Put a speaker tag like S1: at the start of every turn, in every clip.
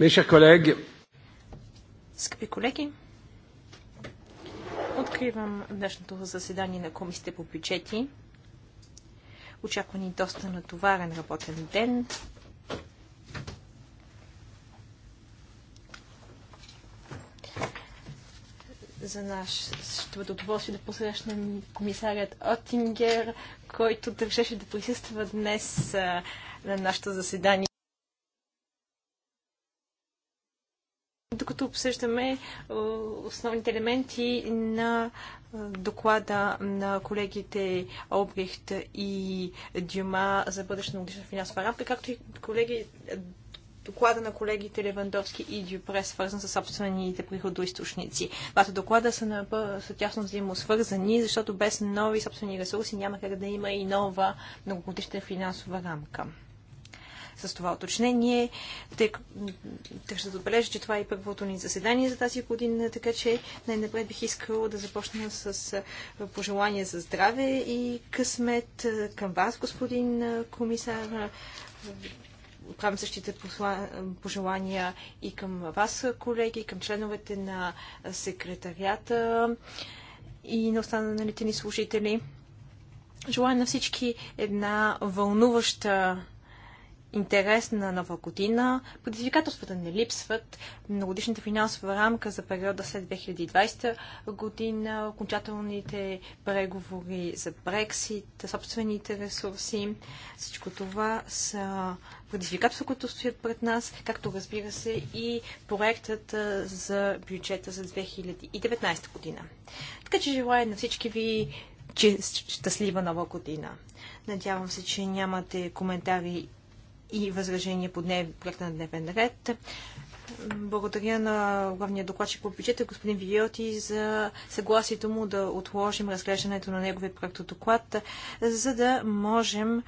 S1: Mes Скъпи колеги, откривам днешното заседание на комисите по бюджети. Очаква ни доста натоварен работен ден. за нас ще бъде удоволствие да посрещнем комисарят Оттингер, който държеше да присъства днес на нашето заседание. като обсъждаме е, основните елементи на е, доклада на колегите Обрехт и Дюма за бъдеща на финансова рамка, както и колеги, доклада на колегите Левандовски и Дюпре, свързан с собствените приходоисточници. Двата доклада са, на, са тясно взаимосвързани, защото без нови собствени ресурси няма как да има и нова многогодишна финансова рамка с това уточнение. Тъй, ще отбележа, че това е първото ни заседание за тази година, така че най-напред бих искала да започна с пожелания за здраве и късмет към вас, господин комисар. Правим същите пожелания и към вас, колеги, и към членовете на секретарията и на останалите ни служители. Желая на всички една вълнуваща интересна нова година. Предизвикателствата не липсват. Многодишната финансова рамка за периода след 2020 година, окончателните преговори за Брексит, собствените ресурси. Всичко това са предизвикателства, които стоят пред нас, както разбира се и проектът за бюджета за 2019 година. Така че желая на всички ви че щастлива нова година. Надявам се, че нямате коментари и възражения по днев, проекта на дневен ред. Благодаря на главния докладчик по бюджета, господин Вириоти, за съгласието му да отложим разглеждането на неговия проект от доклад, за да можем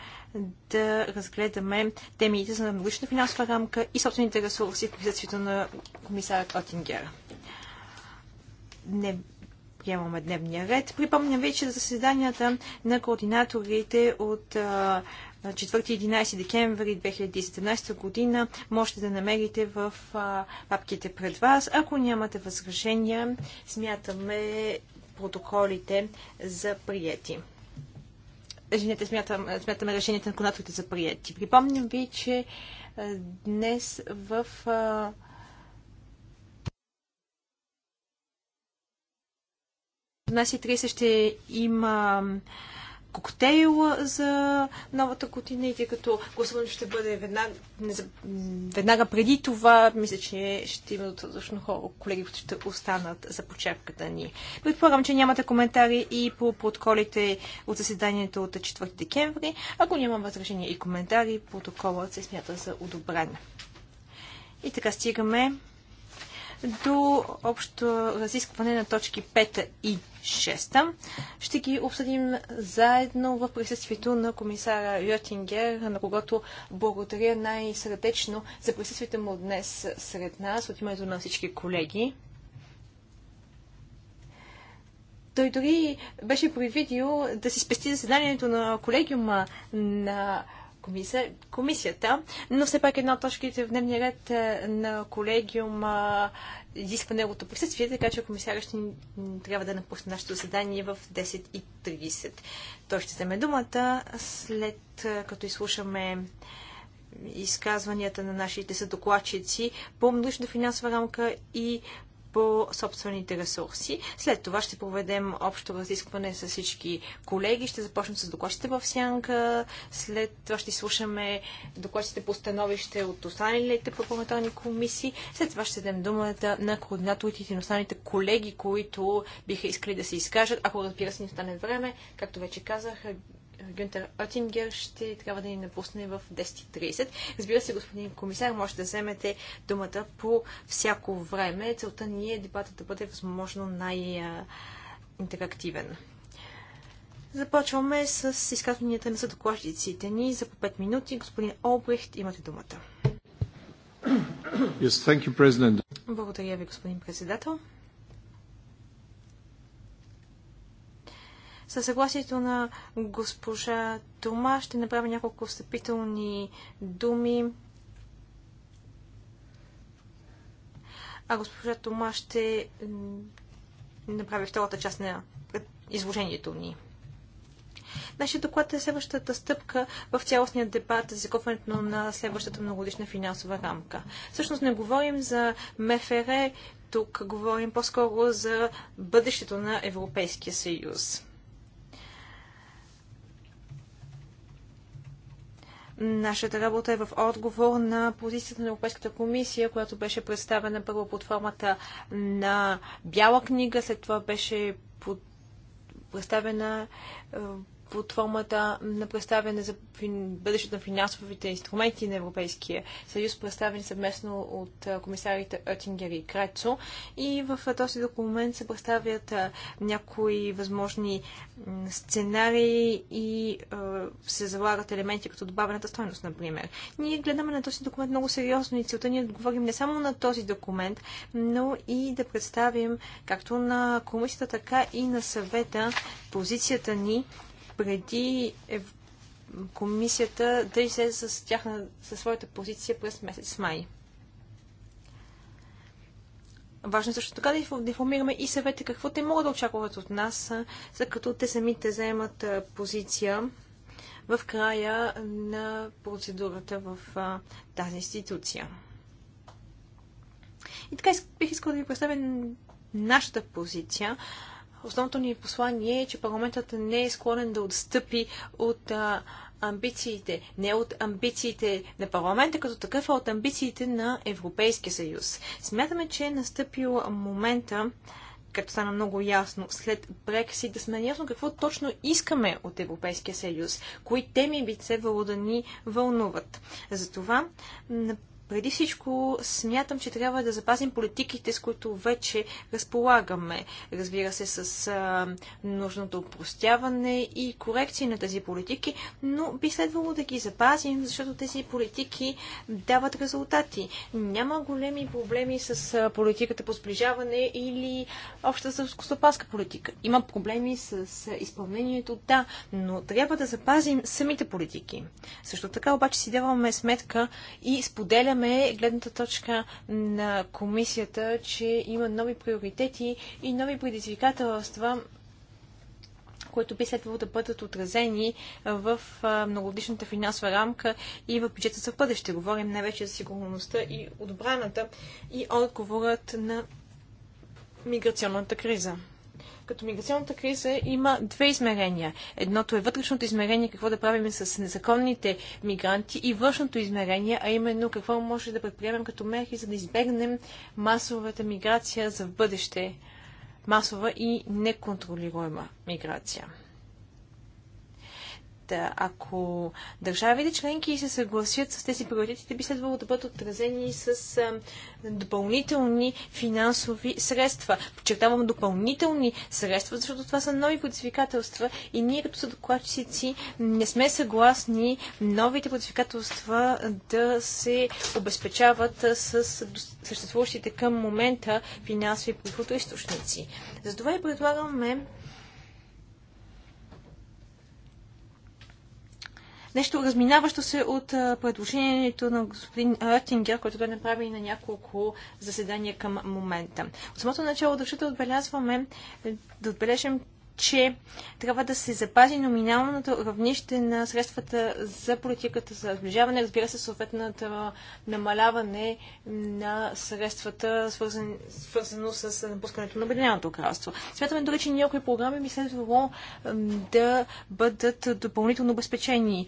S1: да разгледаме темите за многолична финансова рамка и собствените ресурси в присъствието на комисарът Отингер. Не, приемаме дневния ред. Припомням вече за заседанията на координаторите от а, 4-11 декември 2017 година можете да намерите в папките пред вас. Ако нямате възражения, смятаме протоколите за прияти. Извинете, смятаме, смятаме решенията на конаторите за прияти. Припомням ви, че днес в Днес и 30 ще има коктейл за новата година и тъй като гласуването ще бъде веднага, веднага преди това, мисля, че ще има достатъчно хора, колеги, които ще останат за почерката ни. Предполагам, че нямате коментари и по протоколите от заседанието от 4 декември. Ако няма възражения и коментари, протоколът се смята за одобрен. И така стигаме до общо разискване на точки 5 и 6. Ще ги обсъдим заедно в присъствието на комисара Йотингер, на когото благодаря най-сърдечно за присъствието му днес сред нас от името на всички колеги. Той дори беше предвидил да си спести заседанието на колегиума на комисия, комисията, но все пак една от точките в дневния ред е, на колегиума изисква неговото присъствие, така че комисарът ще трябва да напусне нашето заседание в 10.30. Той ще вземе думата след е, като изслушаме изказванията на нашите съдокладчици по множна финансова рамка и по собствените ресурси. След това ще проведем общо разискване с всички колеги. Ще започнем с докладчите в сянка. След това ще слушаме докладчите по становище от останалите парламентарни комисии. След това ще дадем думата на координаторите и на останалите колеги, които биха искали да се изкажат. Ако разбира се не остане време, както вече казах, Гюнтер Отингер ще трябва да ни напусне в 10.30. Разбира се, господин комисар, може да вземете думата по всяко време. Целта ни е дебатът да бъде възможно най-интерактивен. Започваме с изказванията на съдокладчиците ни за по 5 минути. Господин Олбрехт, имате думата.
S2: Yes, you,
S1: Благодаря ви, господин председател. Със съгласието на госпожа Тома ще направя няколко встъпителни думи. А госпожа Тома ще направи втората част на изложението ни. Нашият доклад е следващата стъпка в цялостния дебат за закупването на следващата многодишна финансова рамка. Всъщност не говорим за МФР, тук говорим по-скоро за бъдещето на Европейския съюз. Нашата работа е в отговор на позицията на Европейската комисия, която беше представена първо под формата на бяла книга, след това беше под представена е, под формата на представяне за бъдещето на финансовите инструменти на Европейския съюз, представени съвместно от комисарите Оттингер и Крецо. И в този документ се представят някои възможни сценарии и се залагат елементи като добавената стойност, например. Ние гледаме на този документ много сериозно и целта ни е да говорим не само на този документ, но и да представим както на комисията, така и на съвета позицията ни преди е комисията да излезе с, тяхна, със своята позиция през месец май. Важно е също така да информираме и съвета какво те могат да очакват от нас, след като те самите заемат позиция в края на процедурата в тази институция. И така бих искала да ви представя нашата позиция. Основното ни послание е, че парламентът не е склонен да отстъпи от а, амбициите, не от амбициите на парламента като такъв, а от амбициите на Европейския съюз. Смятаме, че е настъпил момента, като стана много ясно след Брексит, да сме ясно какво точно искаме от Европейския съюз, кои теми би следвало да ни вълнуват. Затова преди всичко смятам, че трябва да запазим политиките, с които вече разполагаме. Разбира се, с а, нужното упростяване и корекции на тези политики, но би следвало да ги запазим, защото тези политики дават резултати. Няма големи проблеми с политиката по сближаване или обща селскостопанска политика. Има проблеми с изпълнението, да, но трябва да запазим самите политики. Също така обаче си даваме сметка и споделяме Приемаме гледната точка на комисията, че има нови приоритети и нови предизвикателства, които би следвало да бъдат отразени в многодишната финансова рамка и в бюджета за бъдеще. Говорим най-вече за сигурността и отбраната и отговорът на миграционната криза като миграционната криза има две измерения. Едното е вътрешното измерение, какво да правим с незаконните мигранти и външното измерение, а именно какво може да предприемем като мерки, за да избегнем масовата миграция за в бъдеще, масова и неконтролируема миграция. Е, ако държавите членки се съгласят с тези те би следвало да бъдат отразени с е, допълнителни финансови средства. Подчертавам допълнителни средства, защото това са нови предизвикателства и ние като съдокладчици не сме съгласни новите предизвикателства да се обезпечават с съществуващите към момента финансови приходоисточници. Затова и предлагаме нещо разминаващо се от предложението на господин Ротингер, което той направи на няколко заседания към момента. От самото начало държа да отбелязваме, да отбележим, че трябва да се запази номиналното равнище на средствата за политиката за сближаване, разбира се, съответната намаляване на средствата, свързан, свързано с напускането на Обединеното кралство. Смятаме дори, че някои програми би следвало да бъдат допълнително обезпечени.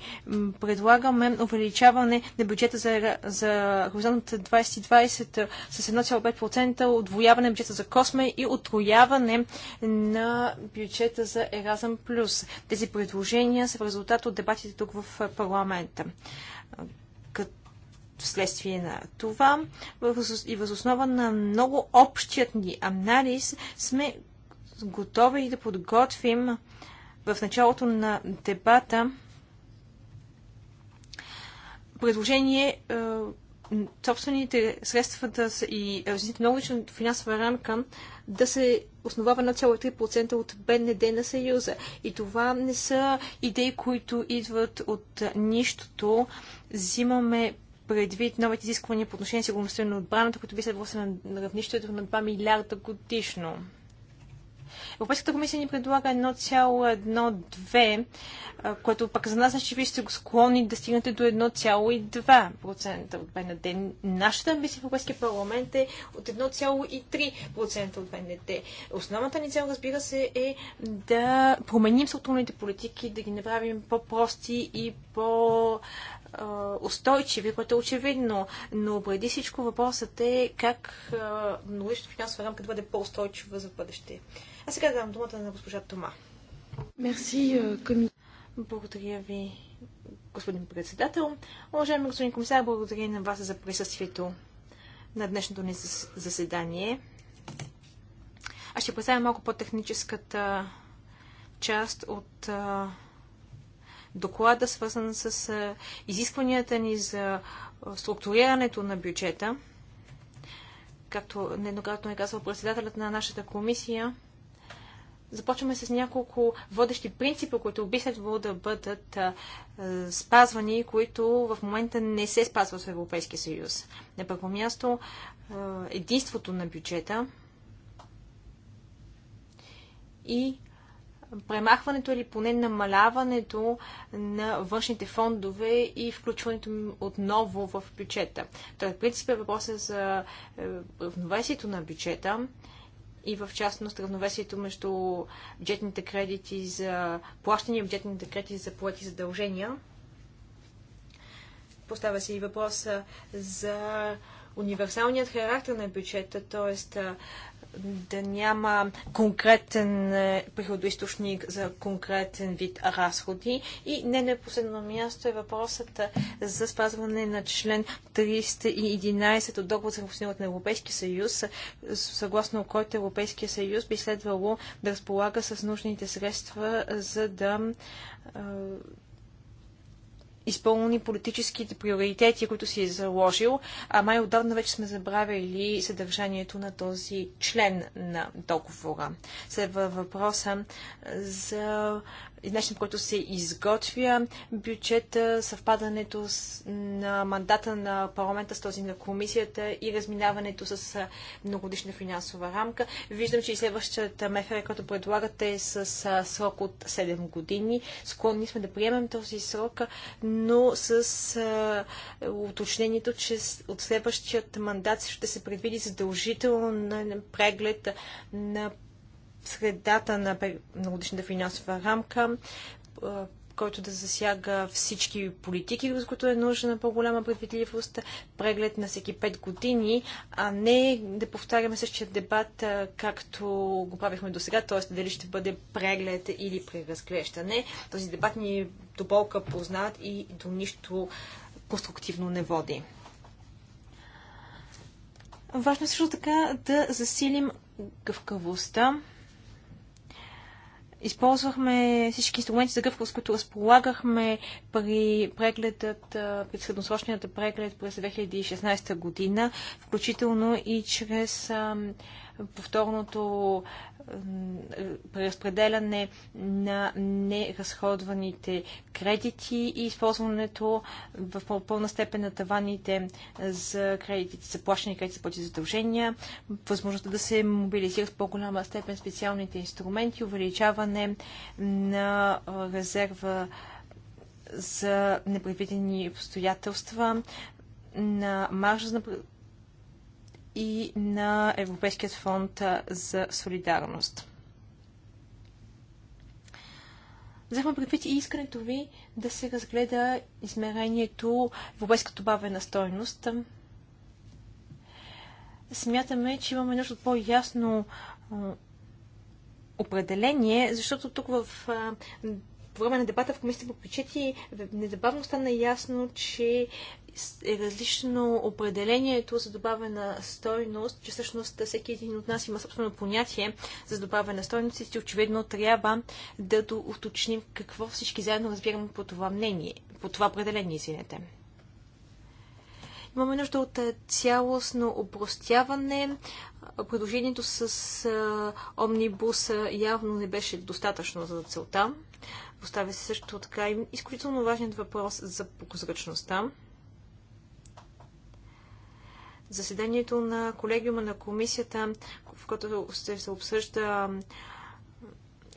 S1: Предлагаме увеличаване на бюджета за, за хоризонт 2020 с 1,5%, отвояване на бюджета за Косме и отрояване на бюджета бюджета за Еразъм Плюс. Тези предложения са в резултат от дебатите тук в парламента. вследствие на това и възоснова на много общият ни анализ сме готови да подготвим в началото на дебата предложение е, собствените средства да са и различната финансова рамка да се основава на 3% от БНД на Съюза. И това не са идеи, които идват от нищото. Взимаме предвид новите изисквания по отношение на сигурността на отбраната, които би следвало се на равнището на 2 милиарда годишно. Европейската комисия ни предлага 1,12, което пък за нас значи, че вие сте го склонни да стигнете до 1,2% от БНД. Нашата амбиция в Европейския парламент е от 1,3% от БНД. Основната ни цел, разбира се, е да променим структурните политики, да ги направим по-прости и по- устойчиви, което е очевидно. Но преди всичко въпросът е как многоличната финансова рамка да бъде по-устойчива за бъдеще. А сега давам думата на госпожа Тома. Мерси, е, коми... Благодаря ви, господин председател. Уважаеми господин комисар, благодаря на вас за присъствието на днешното ни заседание. Аз ще представя малко по-техническата част от доклада, свързан с изискванията ни за структурирането на бюджета. Както нееднократно е казал председателят на нашата комисия, Започваме с няколко водещи принципа, които би следвало да бъдат спазвани, които в момента не се спазват в Европейския съюз. На първо място единството на бюджета и премахването или поне намаляването на външните фондове и включването им отново в бюджета. Тоест, принцип е въпросът за е, равновесието на бюджета и в частност равновесието между бюджетните кредити за плащане и бюджетните кредити за и задължения. Поставя се и въпроса за универсалният характер на бюджета, т.е да няма конкретен е, приходоисточник за конкретен вид разходи. И не на последно място е въпросът е, за спазване на член 311 от договор за функционирането на Европейския съюз, е, съгласно който Европейския съюз би следвало да разполага с нужните средства, за да изпълни политическите приоритети, които си е заложил, а май отдавна вече сме забравили съдържанието на този член на договора. Следва въпроса за начин, който се изготвя бюджета, съвпадането с, на мандата на парламента с този на комисията и разминаването с многодишна финансова рамка. Виждам, че и следващата мефера, която предлагате е с срок от 7 години. Склонни сме да приемем този срок, но с а, уточнението, че от следващият мандат ще се предвиди задължително на преглед на средата на многодишната финансова рамка, който да засяга всички политики, с които е нужна по-голяма предвидливост, преглед на всеки 5 години, а не да повтаряме същия дебат, както го правихме до сега, т.е. дали ще бъде преглед или преразглеждане. Този дебат ни до болка познат и до нищо конструктивно не води. Важно е също така да засилим гъвкавостта Използвахме всички инструменти за гъвкавост, които разполагахме при прегледът, при средносрочният преглед през 2016 година, включително и чрез ам, повторното преразпределяне на неразходваните кредити и използването в пълна степен на таваните за кредитите, за плащане кредити за плати задължения, възможността да се мобилизират в по-голяма степен специалните инструменти, увеличаване на резерва за непредвидени обстоятелства, на маржа и на Европейският фонд за солидарност. Взехме предвид и искането ви да се разгледа измерението европейска добавена стойност. Смятаме, че имаме нещо по-ясно определение, защото тук в по време на дебата в комисията по печети незабавно стана ясно, че е различно определението за добавена стойност, че всъщност всеки един от нас има собствено понятие за добавена стойност и очевидно трябва да уточним какво всички заедно разбираме по това мнение, по това определение, извинете. Имаме нужда от е, цялостно опростяване. Предложението с е, омнибуса явно не беше достатъчно за целта. Поставя се също така и изключително важният въпрос за прозрачността заседанието на колегиума на комисията, в което се обсъжда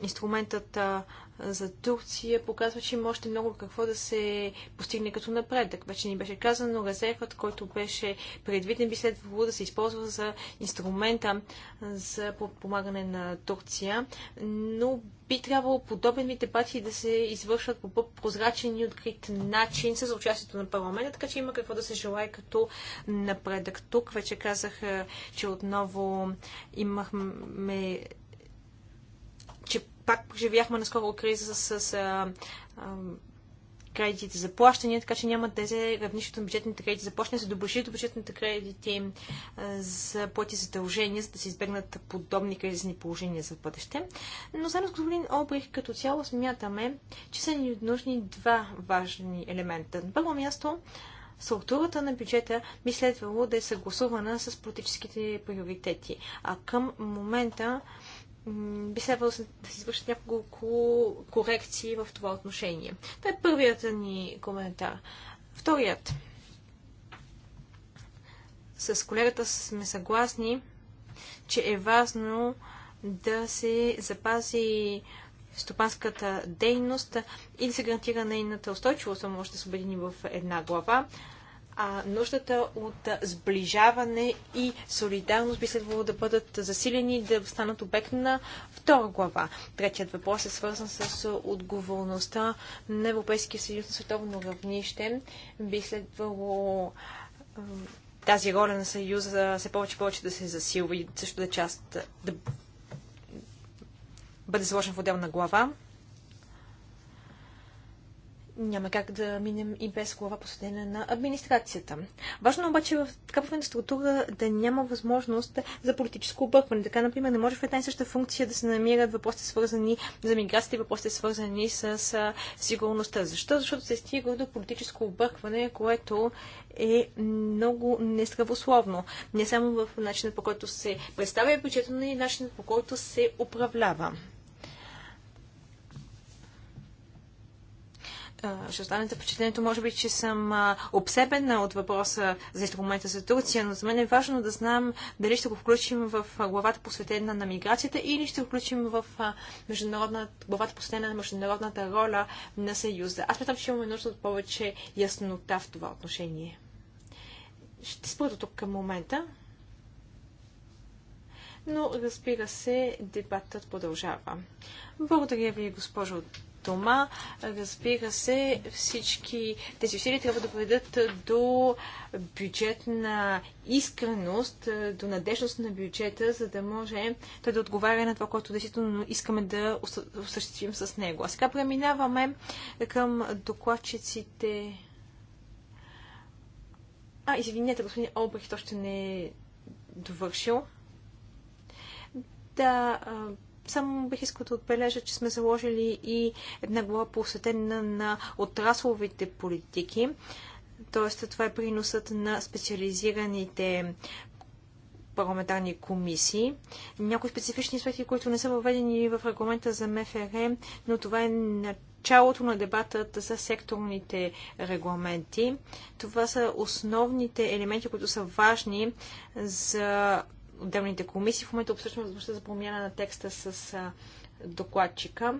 S1: инструментът за Турция показва, че има още много какво да се постигне като напредък. Вече ни беше казано, резервът, който беше предвиден, би следвало да се използва за инструмента за подпомагане на Турция, но би трябвало подобни дебати да се извършват по прозрачен и открит начин с участието на парламента, така че има какво да се желая като напредък. Тук вече казах, че отново имахме пак преживяхме наскоро криза с, с а, а, кредитите за плащания, така че няма да се равнището на бюджетните кредити за плащане, се доближи до бюджетните кредити за плати задължения, за да се избегнат подобни кризисни положения за бъдеще. Но заедно с господин Обрих като цяло смятаме, че са ни нужни два важни елемента. На първо място, структурата на бюджета би следвало да е съгласувана с политическите приоритети. А към момента би следвало да се извършат няколко корекции в това отношение. Това е първият ни коментар. Вторият. С колегата сме съгласни, че е важно да се запази стопанската дейност и да се гарантира нейната устойчивост, може да се обедини в една глава а нуждата от сближаване и солидарност би следвало да бъдат засилени и да станат обект на втора глава. Третият въпрос е свързан с отговорността на Европейския съюз на световно равнище. Би следвало тази роля на Съюза все повече и повече да се засилва и също да е част да бъде заложен в отделна глава няма как да минем и без глава посветена на администрацията. Важно е обаче в такава структура да няма възможност за политическо объркване. Така, например, не може в една и съща функция да се намират въпросите, свързани за миграцията и въпросите свързани с сигурността. Защо? Защото се стига до политическо объркване, което е много нестравословно, Не само в начинът по който се представя бюджета, но и начинът по който се управлява. ще останете впечатлението, може би, че съм обсебена от въпроса за инструмента за Турция, но за мен е важно да знам дали ще го включим в главата посветена на миграцията или ще го включим в международна, главата посветена на международната роля на Съюза. Аз мятам, че имаме нужда от повече яснота в това отношение. Ще спра тук към момента. Но, разбира се, дебатът продължава. Благодаря ви, госпожо дома. Разбира се, всички тези усилия трябва да доведат до бюджетна искреност, до надежност на бюджета, за да може той да отговаря на това, което действително искаме да осъществим с него. А сега преминаваме към докладчиците. А, извинете, господин Олбрехт още не е довършил. Да, само бих искал да отбележа, че сме заложили и една глава посветена на отрасловите политики. Тоест, това е приносът на специализираните парламентарни комисии. Някои специфични аспекти, които не са въведени в регламента за МФР, но това е началото на дебатът за секторните регламенти. Това са основните елементи, които са важни за отделните комисии. В момента обсъждаме възможността за промяна на текста с докладчика.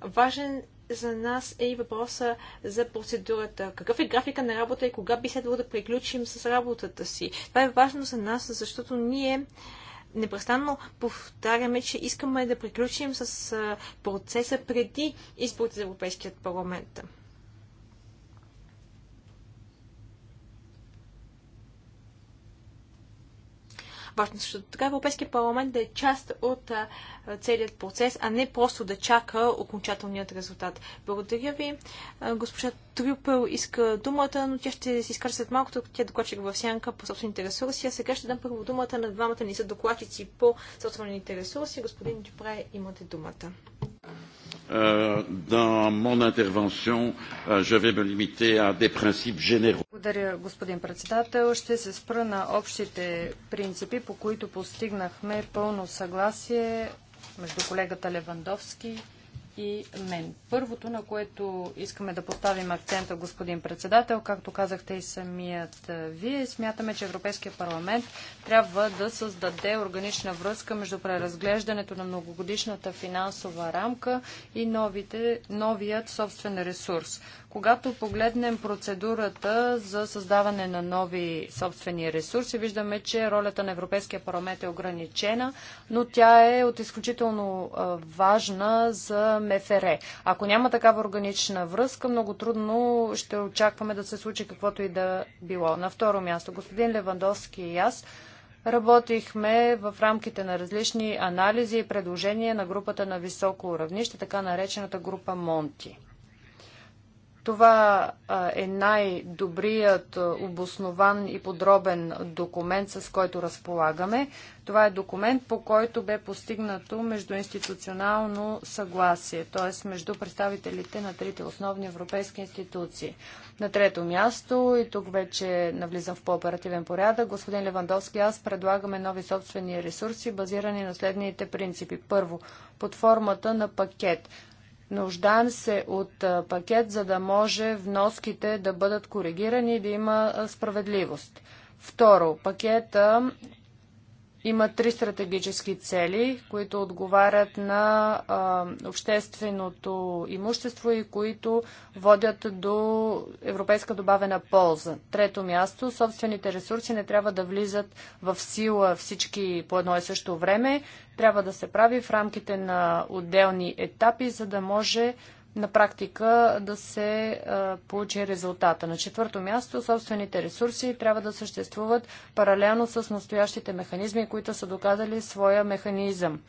S1: Важен за нас е и въпроса за процедурата. Какъв е графика на работа и кога би следвало да приключим с работата си? Това е важно за нас, защото ние непрестанно повтаряме, че искаме да приключим с процеса преди изборите за Европейският парламент. Важно защото така Европейския парламент да е част от а, целият процес, а не просто да чака окончателният резултат. Благодаря ви. А, госпожа Трюпел иска думата, но тя ще се изкаже след малко, тъй тя е докладчик в сянка по собствените ресурси. А сега ще дам първо думата на двамата ни са докладчици по собствените ресурси. Господин Дюпре, имате думата.
S2: Euh, dans mon intervention, euh, je vais me limiter à des principes généraux. Благодаря, господин председател. Ще се спра на общите принципи, по които постигнахме пълно съгласие между колегата Левандовски и и мен. Първото, на което искаме да поставим акцента, господин председател, както казахте и самият вие, смятаме, че Европейския парламент трябва да създаде органична връзка между преразглеждането на многогодишната финансова рамка и новите, новият собствен ресурс. Когато погледнем процедурата за създаване на нови собствени ресурси, виждаме, че ролята на Европейския парламент е ограничена, но тя е от изключително важна за МФР. Ако няма такава органична връзка, много трудно ще очакваме да се случи каквото и да било. На второ място, господин Левандовски и аз Работихме в рамките на различни анализи и предложения на групата на високо равнище, така наречената група Монти. Това е най-добрият обоснован и подробен документ, с който разполагаме. Това е документ, по който бе постигнато междуинституционално съгласие, т.е. между представителите на трите основни европейски институции. На трето място, и тук вече навлизам в по-оперативен порядък, господин Левандовски, аз предлагаме нови собствени ресурси, базирани на следните принципи. Първо, под формата на пакет – Нуждаем се от пакет, за да може вноските да бъдат коригирани и да има справедливост. Второ, пакета има три стратегически цели, които отговарят на а, общественото имущество и които водят до европейска добавена полза. Трето място, собствените ресурси не трябва да влизат в сила всички по едно и също време. Трябва да се прави в рамките на отделни етапи, за да може на практика да се получи резултата. На четвърто място, собствените ресурси трябва да съществуват паралелно с настоящите механизми, които са доказали своя механизъм.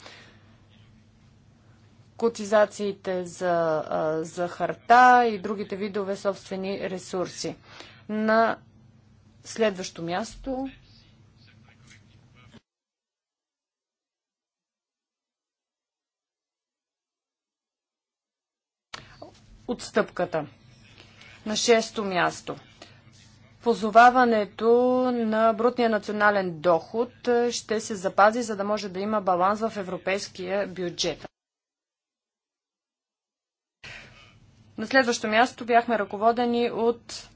S2: Котизациите за, за харта и другите видове собствени ресурси. На следващо място отстъпката. На шесто място. Позоваването на брутния национален доход е, ще се запази, за да може да има баланс в европейския бюджет. На следващо място бяхме ръководени от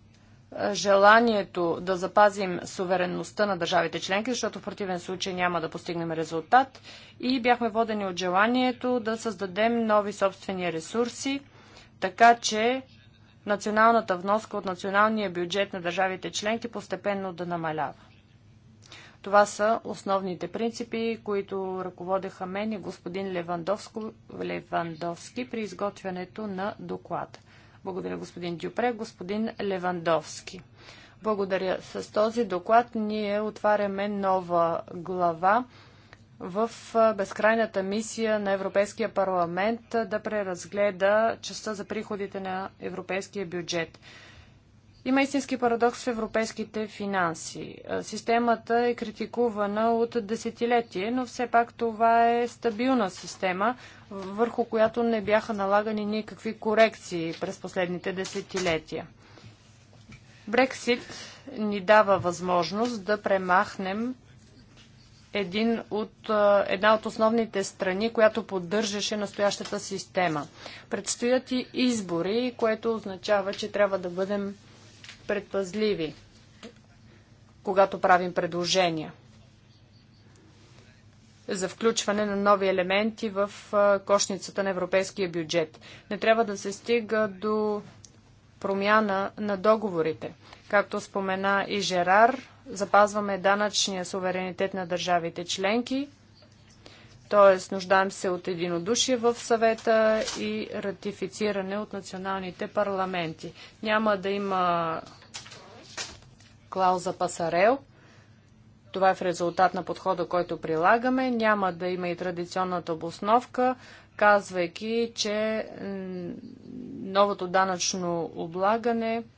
S2: е, желанието да запазим суверенността на държавите членки, защото в противен случай няма да постигнем резултат. И бяхме водени от желанието да създадем нови собствени ресурси, така че националната вноска от националния бюджет на държавите членки постепенно да намалява. Това са основните принципи, които ръководеха мен и господин Левандовски при изготвянето на доклад. Благодаря господин Дюпре, господин Левандовски. Благодаря. С този доклад ние отваряме нова глава в безкрайната мисия на Европейския парламент да преразгледа частта за приходите на европейския бюджет. Има истински парадокс в европейските финанси. Системата е критикувана от десетилетие, но все пак това е стабилна система, върху която не бяха налагани никакви корекции през последните десетилетия. Брексит ни дава възможност да премахнем един от, една от основните страни, която поддържаше настоящата система. Предстоят и избори, което означава, че трябва да бъдем предпазливи, когато правим предложения за включване на нови елементи в кошницата на европейския бюджет. Не трябва да се стига до промяна на договорите. Както спомена и Жерар, запазваме данъчния суверенитет на държавите членки, т.е. нуждаем се от единодушие в съвета и ратифициране от националните парламенти. Няма да има клауза пасарел. Това е в резултат на подхода, който прилагаме. Няма да има и традиционната обосновка, казвайки, че новото данъчно облагане –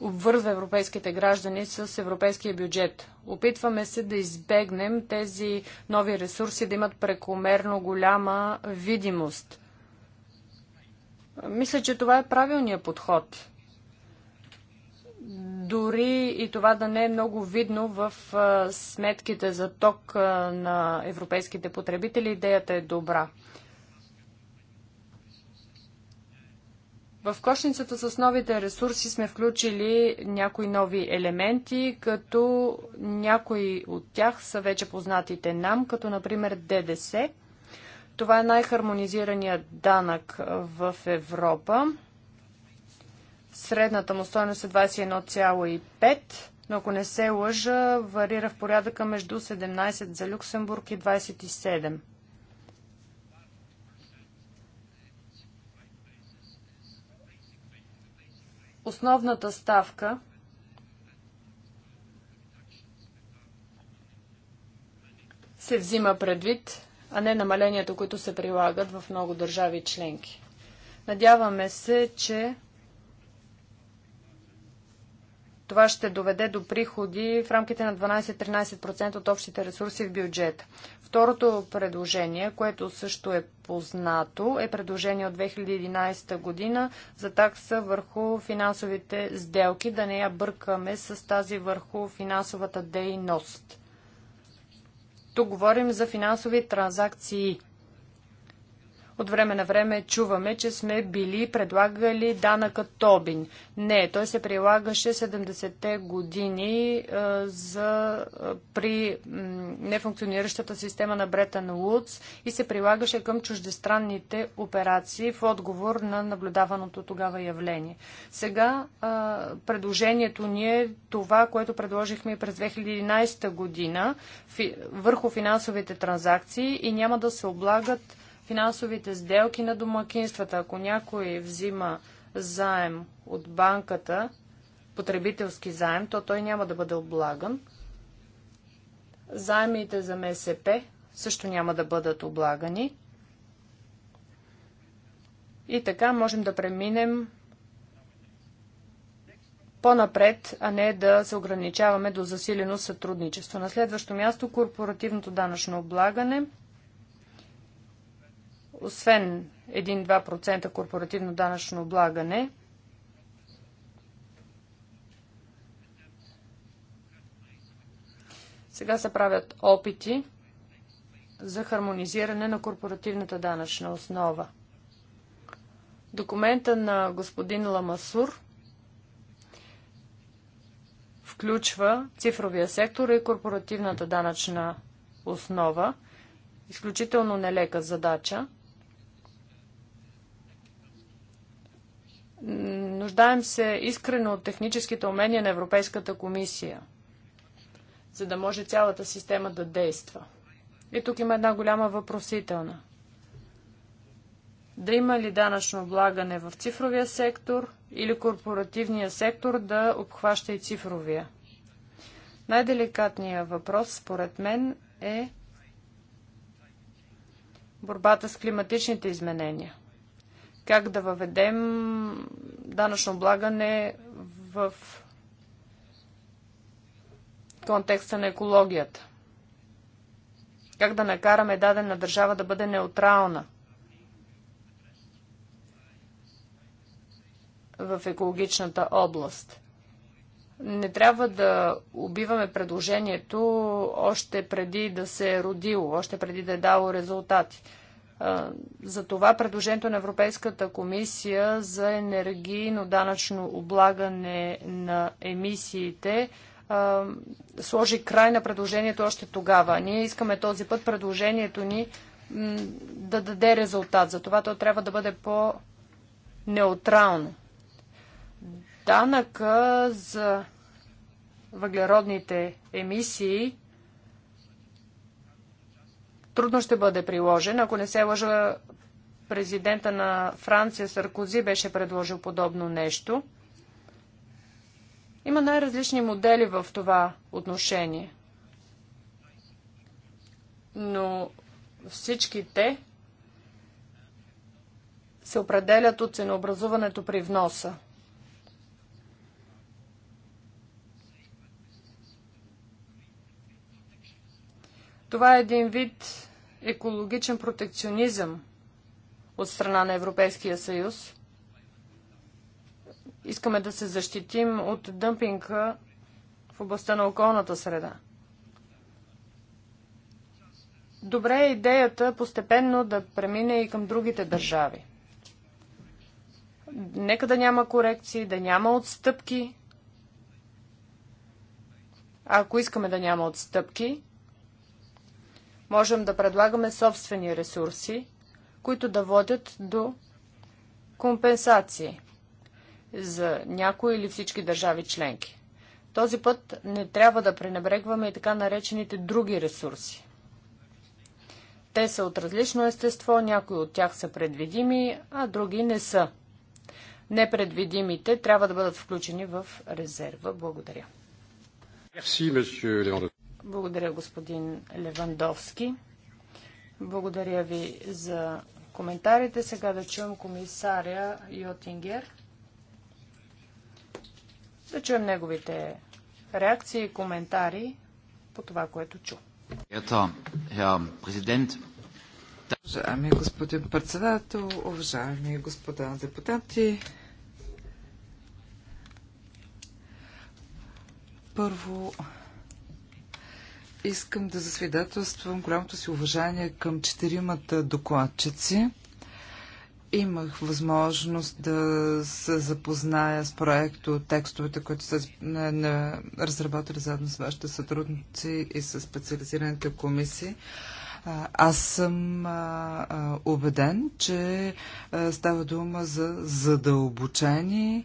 S2: обвързва европейските граждани с европейския бюджет. Опитваме се да избегнем тези нови ресурси да имат прекомерно голяма видимост. Мисля, че това е правилният подход. Дори и това да не е много видно в сметките за ток на европейските потребители, идеята е добра. В кошницата с новите ресурси сме включили някои нови елементи, като някои от тях са вече познатите нам, като например ДДС. Това е най-хармонизираният данък в Европа. Средната му стоеност е 21,5, но ако не се лъжа, варира в порядъка между 17 за Люксембург и 27. основната ставка се взима предвид, а не намаленията, които се прилагат в много държави и членки. Надяваме се, че това ще доведе до приходи в рамките на 12-13% от общите ресурси в бюджета. Второто предложение, което също е познато, е предложение от 2011 година за такса върху финансовите сделки, да не я бъркаме с тази върху финансовата дейност. Тук говорим за финансови транзакции. От време на време чуваме, че сме били предлагали данъка Тобин. Не, той се прилагаше 70-те години е, за, е, при нефункциониращата система на Бретан Лудс и се прилагаше към чуждестранните операции в отговор на наблюдаваното тогава явление. Сега е, предложението ни е това, което предложихме през 2011 година върху финансовите транзакции и няма да се облагат финансовите сделки на домакинствата. Ако някой взима заем от банката, потребителски заем, то той няма да бъде облаган. Заемите за МСП също няма да бъдат облагани. И така можем да преминем по-напред, а не да се ограничаваме до засилено сътрудничество. На следващо място корпоративното данъчно облагане – освен 1-2% корпоративно данъчно облагане, сега се правят опити за хармонизиране на корпоративната данъчна основа. Документа на господин Ламасур включва цифровия сектор и корпоративната данъчна основа. Изключително нелека задача – Нуждаем се искрено от техническите умения на Европейската комисия, за да може цялата система да действа. И тук има една голяма въпросителна. Да има ли данъчно облагане в цифровия сектор или корпоративния сектор да обхваща и цифровия? Най-деликатният въпрос, според мен, е борбата с климатичните изменения как да въведем данъчно облагане в контекста на екологията. Как да накараме дадена държава да бъде неутрална в екологичната област. Не трябва да убиваме предложението още преди да се е родило, още преди да е дало резултати. Затова предложението на Европейската комисия за енергийно данъчно облагане на емисиите сложи край на предложението още тогава. Ние искаме този път предложението ни да даде резултат. Затова то трябва да бъде по-неутрално. Данъка за въглеродните емисии – трудно ще бъде приложен. Ако не се лъжа, президента на Франция Саркози беше предложил подобно нещо. Има най-различни модели в това отношение. Но всички те се определят от ценообразуването при вноса. Това е един вид екологичен протекционизъм от страна на Европейския съюз. Искаме да се защитим от дъмпинга в областта на околната среда. Добре е идеята постепенно да премине и към другите държави. Нека да няма корекции, да няма отстъпки. ако искаме да няма отстъпки, можем да предлагаме собствени ресурси, които да водят до компенсации за някои или всички държави членки. Този път не трябва да пренебрегваме и така наречените други ресурси. Те са от различно естество, някои от тях са предвидими, а други не са. Непредвидимите трябва да бъдат включени в резерва. Благодаря. Благодаря, господин Левандовски. Благодаря ви за коментарите. Сега да чуем комисаря Йотингер. Да чуем неговите реакции и коментари по това, което чу.
S3: Ето, президент. Уважаеми господин председател, уважаеми господа депутати, първо Искам да засвидетелствам голямото си уважение към четиримата докладчици. Имах възможност да се запозная с проекто текстовете, които са не, не, разработили заедно с вашите сътрудници и с специализираните комисии. Аз съм а, а, убеден, че а, става дума за задълбочени да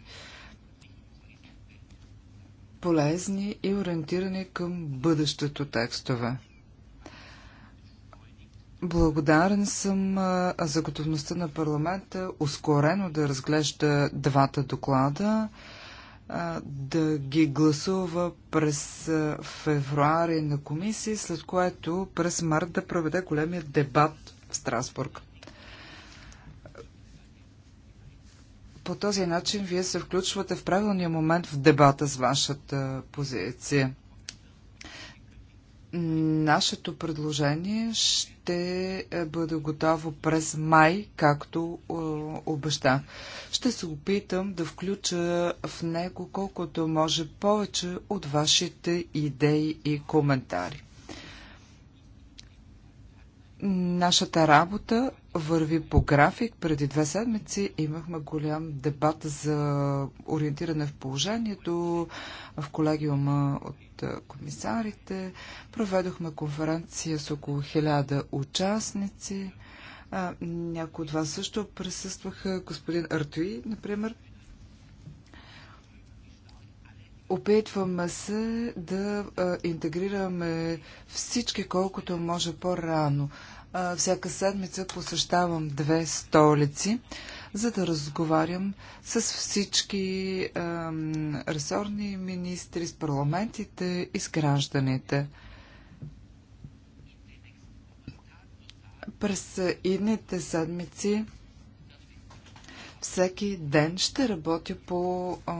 S3: полезни и ориентирани към бъдещето текстове. Благодарен съм за готовността на парламента ускорено да разглежда двата доклада, да ги гласува през февруари на комисии, след което през март да проведе големия дебат в Страсбург. по този начин вие се включвате в правилния момент в дебата с вашата позиция. Нашето предложение ще бъде готово през май, както обещах. Ще се опитам да включа в него колкото може повече от вашите идеи и коментари. Нашата работа върви по график. Преди две седмици имахме голям дебат за ориентиране в положението в колегиума от комисарите. Проведохме конференция с около хиляда участници. Някои от вас също присъстваха. Господин Артуи, например, Опитваме се да интегрираме всички колкото може по-рано. Всяка седмица посещавам две столици, за да разговарям с всички ресорни министри, с парламентите и с гражданите. През идните седмици всеки ден ще работя по а,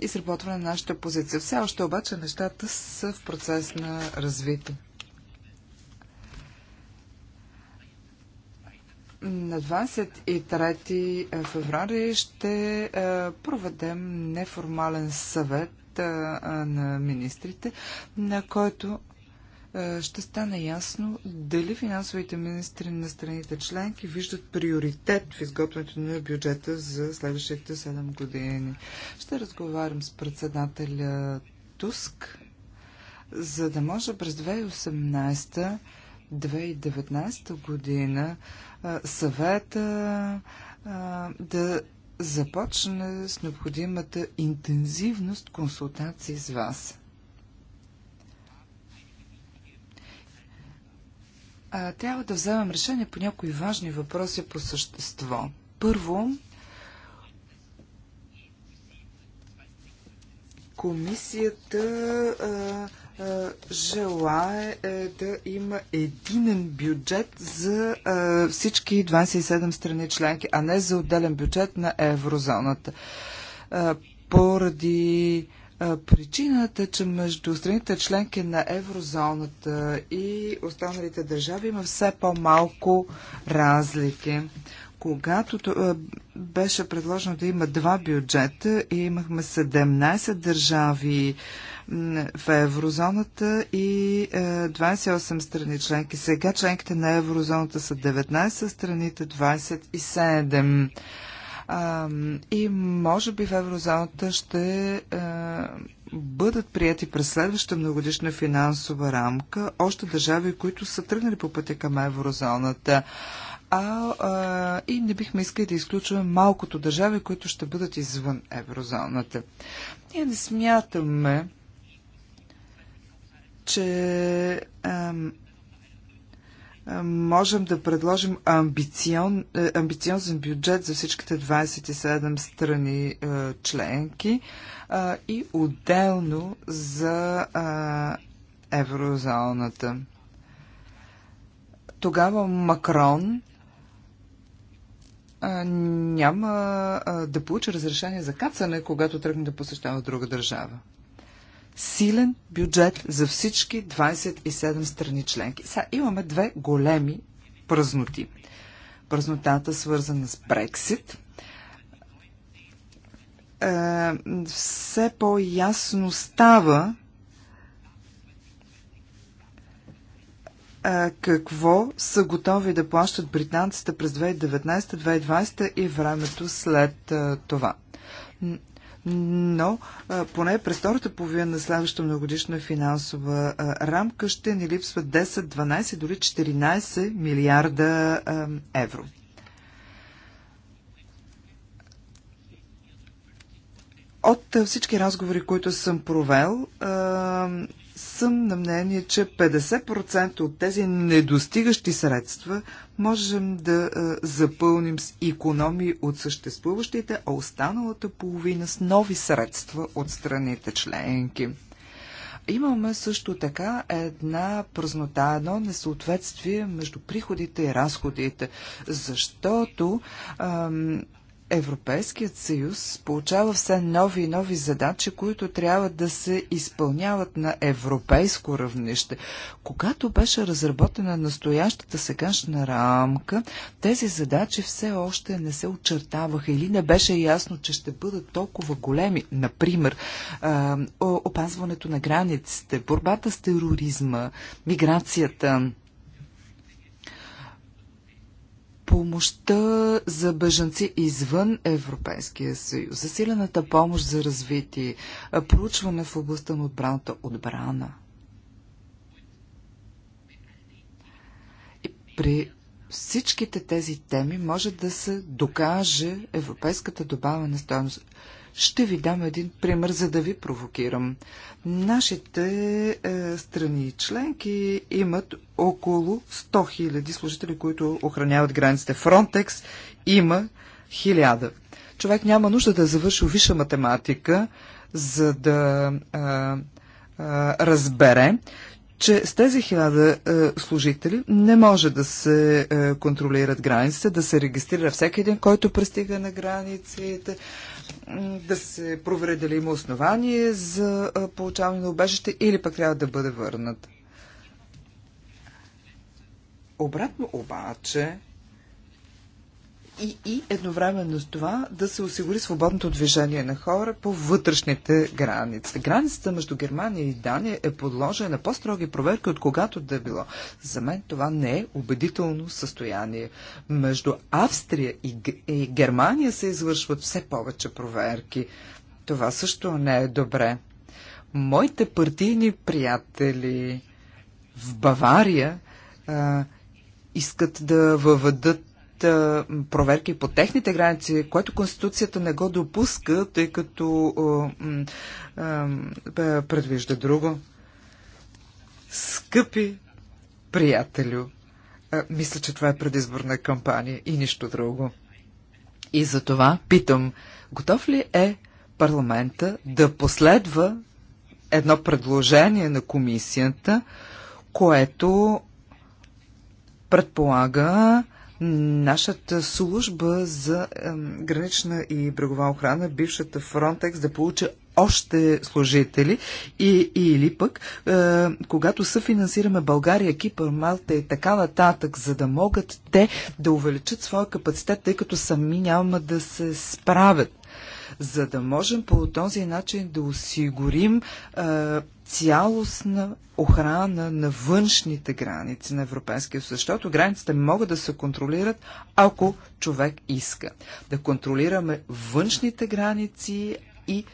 S3: изработване на нашата позиция. Все още обаче нещата са в процес на развитие. На 23 е, феврари ще е, проведем неформален съвет е, на министрите, на който ще стане ясно дали финансовите министри на страните членки виждат приоритет в изготвянето на бюджета за следващите 7 години. Ще разговарям с председателя Туск, за да може през 2018 2019 година съвета да започне с необходимата интензивност консултации с вас. Трябва да вземем решение по някои важни въпроси по същество. Първо, комисията желае е да има единен бюджет за всички 27 страни членки, а не за отделен бюджет на еврозоната. Поради причината, че между страните членки на еврозоната и останалите държави има все по-малко разлики когато беше предложено да има два бюджета и имахме 17 държави в еврозоната и 28 е, страни членки. Сега членките на еврозоната са 19, страните 27. И може би в еврозоната ще е, бъдат прияти през следваща многодишна финансова рамка още държави, които са тръгнали по пътя към еврозоната. А, а и не бихме искали да изключваме малкото държави, които ще бъдат извън еврозоната. Ние не смятаме, че можем да предложим амбицион, е, амбициозен бюджет за всичките 27 страни е, членки е, и отделно за еврозоната. Тогава Макрон няма да получи разрешение за кацане, когато тръгне да посещава друга държава силен бюджет за всички 27 страни членки. Сега имаме две големи празноти. Празнотата свързана с Брексит. Е, все по-ясно става е, какво са готови да плащат британците през 2019-2020 и времето след е, това но поне през втората половина на следващата многогодишна финансова рамка ще ни липсват 10, 12, дори 14 милиарда евро. От всички разговори, които съм провел, съм на мнение, че 50% от тези недостигащи средства можем да е, запълним с економии от съществуващите, а останалата половина с нови средства от страните членки. Имаме също така една празнота, едно несъответствие между приходите и разходите, защото ам, Европейският съюз получава все нови и нови задачи, които трябва да се изпълняват на европейско равнище. Когато беше разработена настоящата сегашна рамка, тези задачи все още не се очертаваха или не беше ясно, че ще бъдат толкова големи. Например, опазването на границите, борбата с тероризма, миграцията помощта за бежанци извън Европейския съюз, засилената помощ за развитие, проучване в областта на отбраната, отбрана. И при всичките тези теми може да се докаже европейската добавена стоеност. Ще ви дам един пример, за да ви провокирам. Нашите е, страни членки имат около 100 000 служители, които охраняват границите. Фронтекс има 1000. Човек няма нужда да завърши висша математика, за да е, е, разбере, че с тези хиляда е, служители не може да се е, контролират границите, да се регистрира всеки един, който пристига на границите, да се провери дали има основание за е, получаване на обежище или пък трябва да бъде върнат. Обратно обаче, и, и едновременно с това да се осигури свободното движение на хора по вътрешните граници. Границата между Германия и Дания е подложена на по-строги проверки от когато да е било. За мен това не е убедително състояние. Между Австрия и, и Германия се извършват все повече проверки. Това също не е добре. Моите партийни приятели в Бавария а, искат да въведат проверки по техните граници, което Конституцията не го допуска, тъй като предвижда друго. Скъпи приятелю, мисля, че това е предизборна кампания и нищо друго. И за това питам, готов ли е парламента да последва едно предложение на комисията, което предполага нашата служба за гранична и брегова охрана, бившата Фронтекс, да получи още служители и, или пък, е, когато съфинансираме България, Кипър, Малта и така нататък, за да могат те да увеличат своя капацитет, тъй като сами няма да се справят. За да можем по този начин да осигурим е, цялостна охрана на външните граници на Европейския съюз, защото границите могат да се контролират, ако човек иска. Да контролираме външните граници и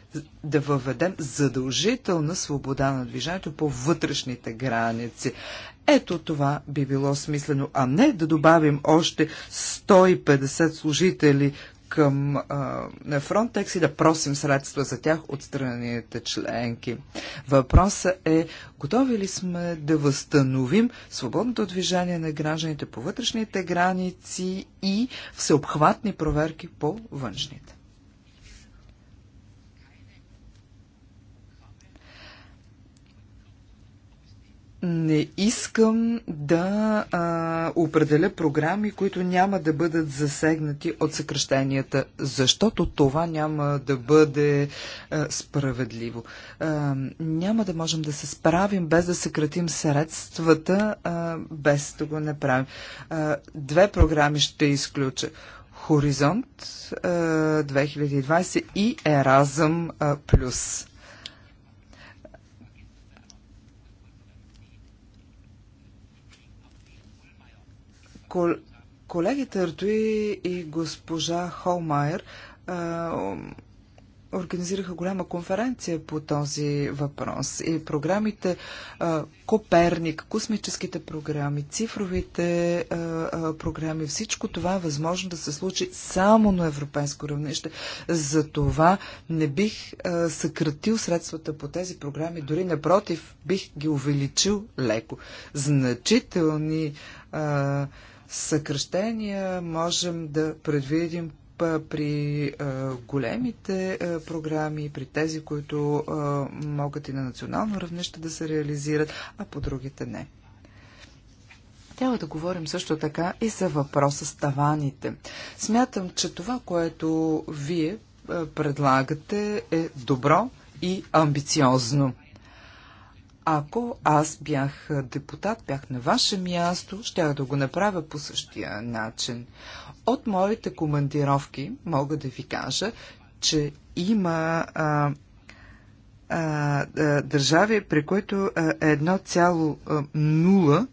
S3: да въведем задължителна свобода на движението по вътрешните граници. Ето това би било смислено, а не да добавим още 150 служители към а, Фронтекс и да просим средства за тях от страните членки. Въпросът е, готови ли сме да възстановим свободното движение на гражданите по вътрешните граници и всеобхватни проверки по външните? не искам да а, определя програми, които няма да бъдат засегнати от съкръщенията, защото това няма да бъде а, справедливо. А, няма да можем да се справим без да съкратим средствата, а, без да го направим. А, две програми ще изключа. Хоризонт 2020 и Еразъм Плюс Кол... Колегите Артуи и госпожа Холмайер а, организираха голяма конференция по този въпрос. И програмите а, Коперник, космическите програми, цифровите а, а, програми, всичко това е възможно да се случи само на европейско равнище. За това не бих а, съкратил средствата по тези програми, дори напротив, бих ги увеличил леко. Значителни а, съкръщения можем да предвидим при големите програми, при тези, които могат и на национално равнище да се реализират, а по другите не. Трябва да говорим също така и за въпроса с таваните. Смятам, че това, което вие предлагате е добро и амбициозно. Ако аз бях депутат, бях на ваше място, щях да го направя по същия начин. От моите командировки мога да ви кажа, че има а, а, държави, при които 1,0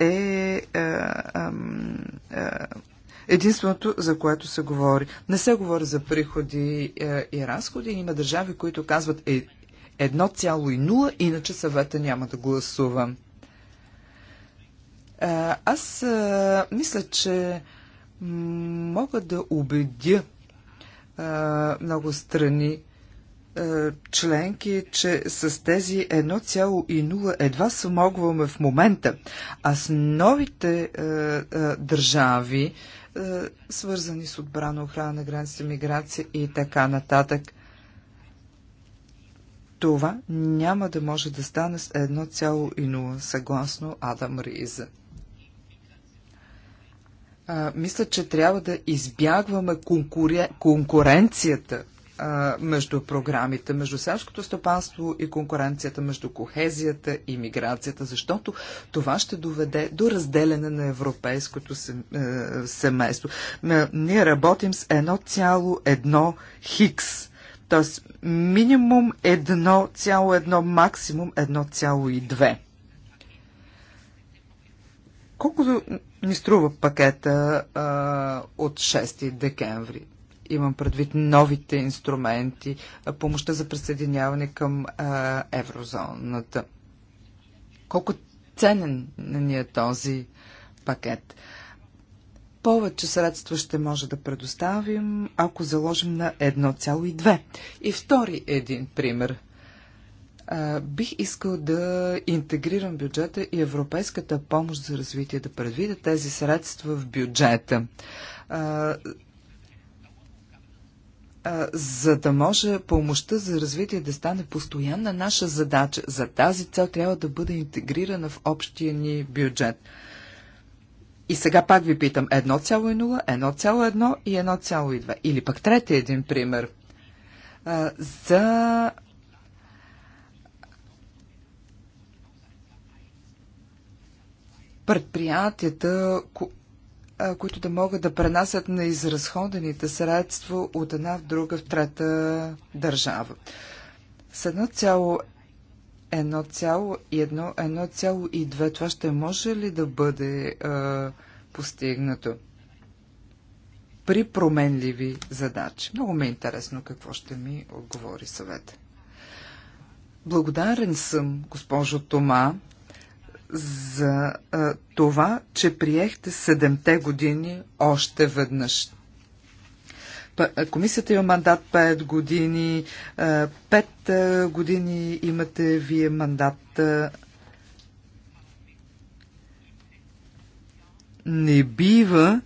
S3: е а, а, единственото, за което се говори. Не се говори за приходи е, и разходи. Има държави, които казват е, 1,0, иначе съвета няма да гласува. Аз мисля, че мога да убедя много страни членки, че с тези 1,0 едва смогваме в момента. А с новите държави, свързани с отбрана, охрана на границите, миграция и така нататък, това няма да може да стане с 1,0 съгласно Адам Риза. А, мисля, че трябва да избягваме конкуре... конкуренцията а, между програмите, между селското стопанство и конкуренцията между кохезията и миграцията, защото това ще доведе до разделяне на европейското е, семейство. Ние работим с 1,1 хикс т.е. минимум 1,1, максимум 1,2. Колко ни струва пакета а, от 6 декември? Имам предвид новите инструменти, помощта за присъединяване към а, еврозоната. Колко ценен е ни е този пакет? А, повече средства ще може да предоставим, ако заложим на 1,2. И втори един пример. А, бих искал да интегрирам бюджета и Европейската помощ за развитие, да предвидя тези средства в бюджета. А, за да може помощта за развитие да стане постоянна наша задача. За тази цел трябва да бъде интегрирана в общия ни бюджет. И сега пак ви питам 1,0, 1,1 и 1,2. Или пък трети един пример. А, за предприятията, които да могат да пренасят на изразходените средства от една в друга в трета държава. С 1,1-1,2. Това ще може ли да бъде а, постигнато при променливи задачи? Много ме е интересно какво ще ми отговори съвет. Благодарен съм, госпожо Тома, за а, това, че приехте седемте години още веднъж комисията има мандат 5 години. 5 е, е, години имате вие мандат. Е, не бива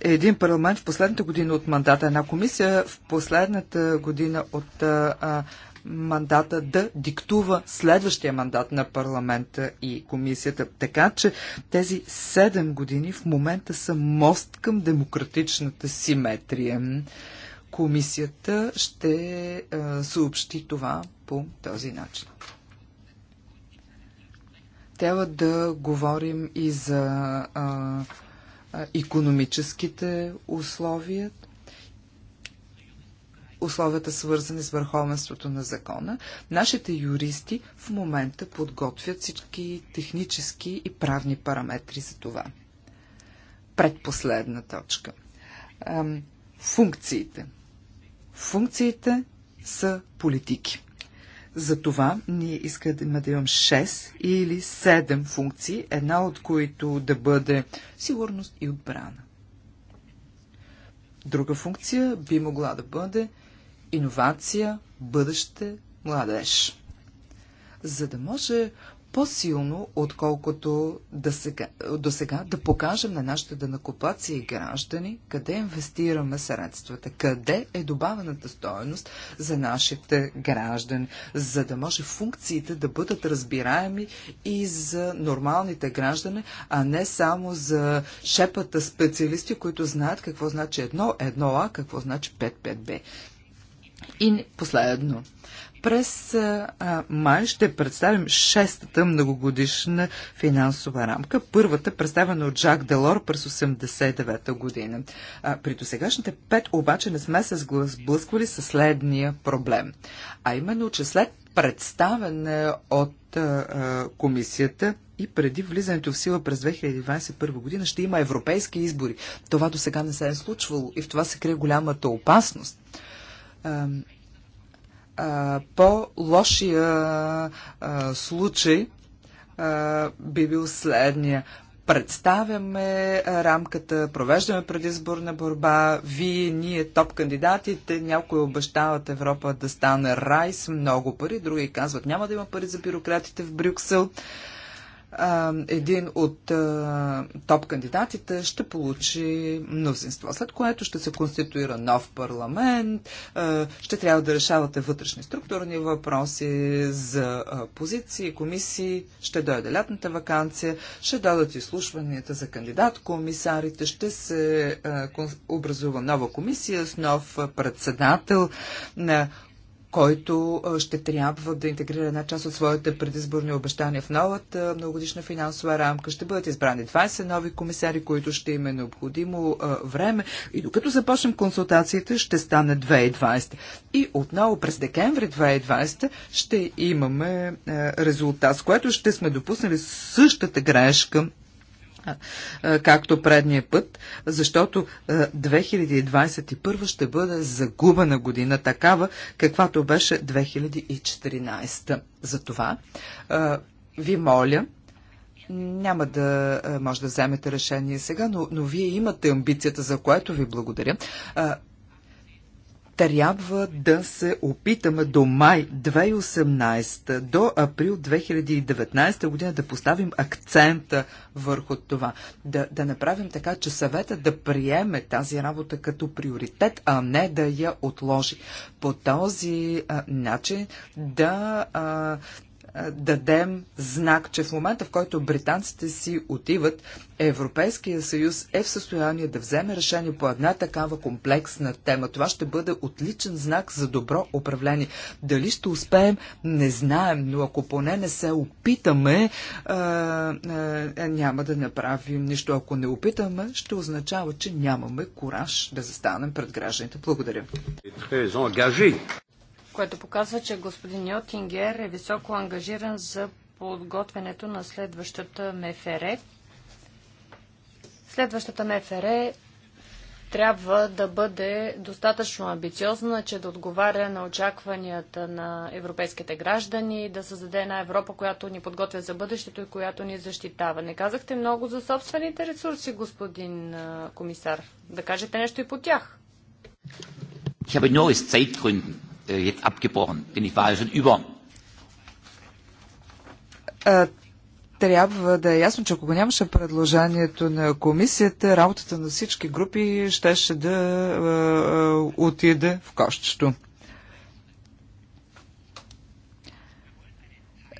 S3: един парламент в последната година от мандата, една комисия в последната година от а, мандата да диктува следващия мандат на парламента и комисията. Така че тези 7 години в момента са мост към демократичната симетрия. Комисията ще съобщи това по този начин трябва да говорим и за а, а, економическите условия условията свързани с върховенството на закона. Нашите юристи в момента подготвят всички технически и правни параметри за това. Предпоследна точка. Функциите. Функциите са политики. Затова ние искаме да имам 6 или 7 функции, една от които да бъде сигурност и отбрана. Друга функция би могла да бъде иновация, бъдеще, младеж. За да може по-силно, отколкото да сега, до сега, да покажем на нашите данакопаци и граждани къде инвестираме средствата, къде е добавената стоеност за нашите граждани, за да може функциите да бъдат разбираеми и за нормалните граждани, а не само за шепата специалисти, които знаят какво значи едно, едно А, какво значи 5-5Б. И последно. През а, май ще представим шестата многогодишна финансова рамка. Първата, е представена от Жак Делор през 89-та година. А, при досегашните пет обаче не сме се сблъсквали със следния проблем. А именно, че след представене от а, комисията и преди влизането в сила през 2021 година ще има европейски избори. Това до сега не се е случвало и в това се крие голямата опасност по-лошия случай би бил следния представяме рамката, провеждаме предизборна борба, вие, ние, топ кандидатите, някои обещават Европа да стане рай с много пари, други казват няма да има пари за бюрократите в Брюксел един от топ кандидатите ще получи мнозинство, след което ще се конституира нов парламент, ще трябва да решавате вътрешни структурни въпроси за позиции, комисии, ще дойде лятната вакансия, ще дойдат изслушванията за кандидат-комисарите, ще се образува нова комисия с нов председател на който ще трябва да интегрира една част от своите предизборни обещания в новата многогодишна финансова рамка. Ще бъдат избрани 20 нови комисари, които ще им е необходимо време. И докато започнем консултациите, ще стане 2020. И отново през декември 2020 ще имаме резултат, с което ще сме допуснали същата грешка както предния път, защото 2021 ще бъде загубена година, такава каквато беше 2014. Затова ви моля, няма да може да вземете решение сега, но, но вие имате амбицията, за което ви благодаря трябва да се опитаме до май 2018, до април 2019 година да поставим акцента върху това. Да, да направим така, че съвета да приеме тази работа като приоритет, а не да я отложи. По този а, начин да а, дадем знак, че в момента, в който британците си отиват, Европейския съюз е в състояние да вземе решение по една такава комплексна тема. Това ще бъде отличен знак за добро управление. Дали ще успеем, не знаем, но ако поне не се опитаме, а, а, няма да направим нищо. Ако не опитаме, ще означава, че нямаме кураж да застанем пред гражданите. Благодаря
S2: което показва, че господин Йотингер е високо ангажиран за подготвянето на следващата МФР. Следващата МФР трябва да бъде достатъчно амбициозна, че да отговаря на очакванията на европейските граждани, да създаде една Европа, която ни подготвя за бъдещето и която ни защитава. Не казахте много за собствените ресурси, господин комисар. Да кажете нещо и по тях.
S1: Ich habe nur aus Zeitgründen Äh, jetzt abgebrochen, denn ich war ja schon über.
S3: Е, трябва да е ясно, че ако нямаше предложението на комисията, работата на всички групи щеше да е, е отиде в кощето.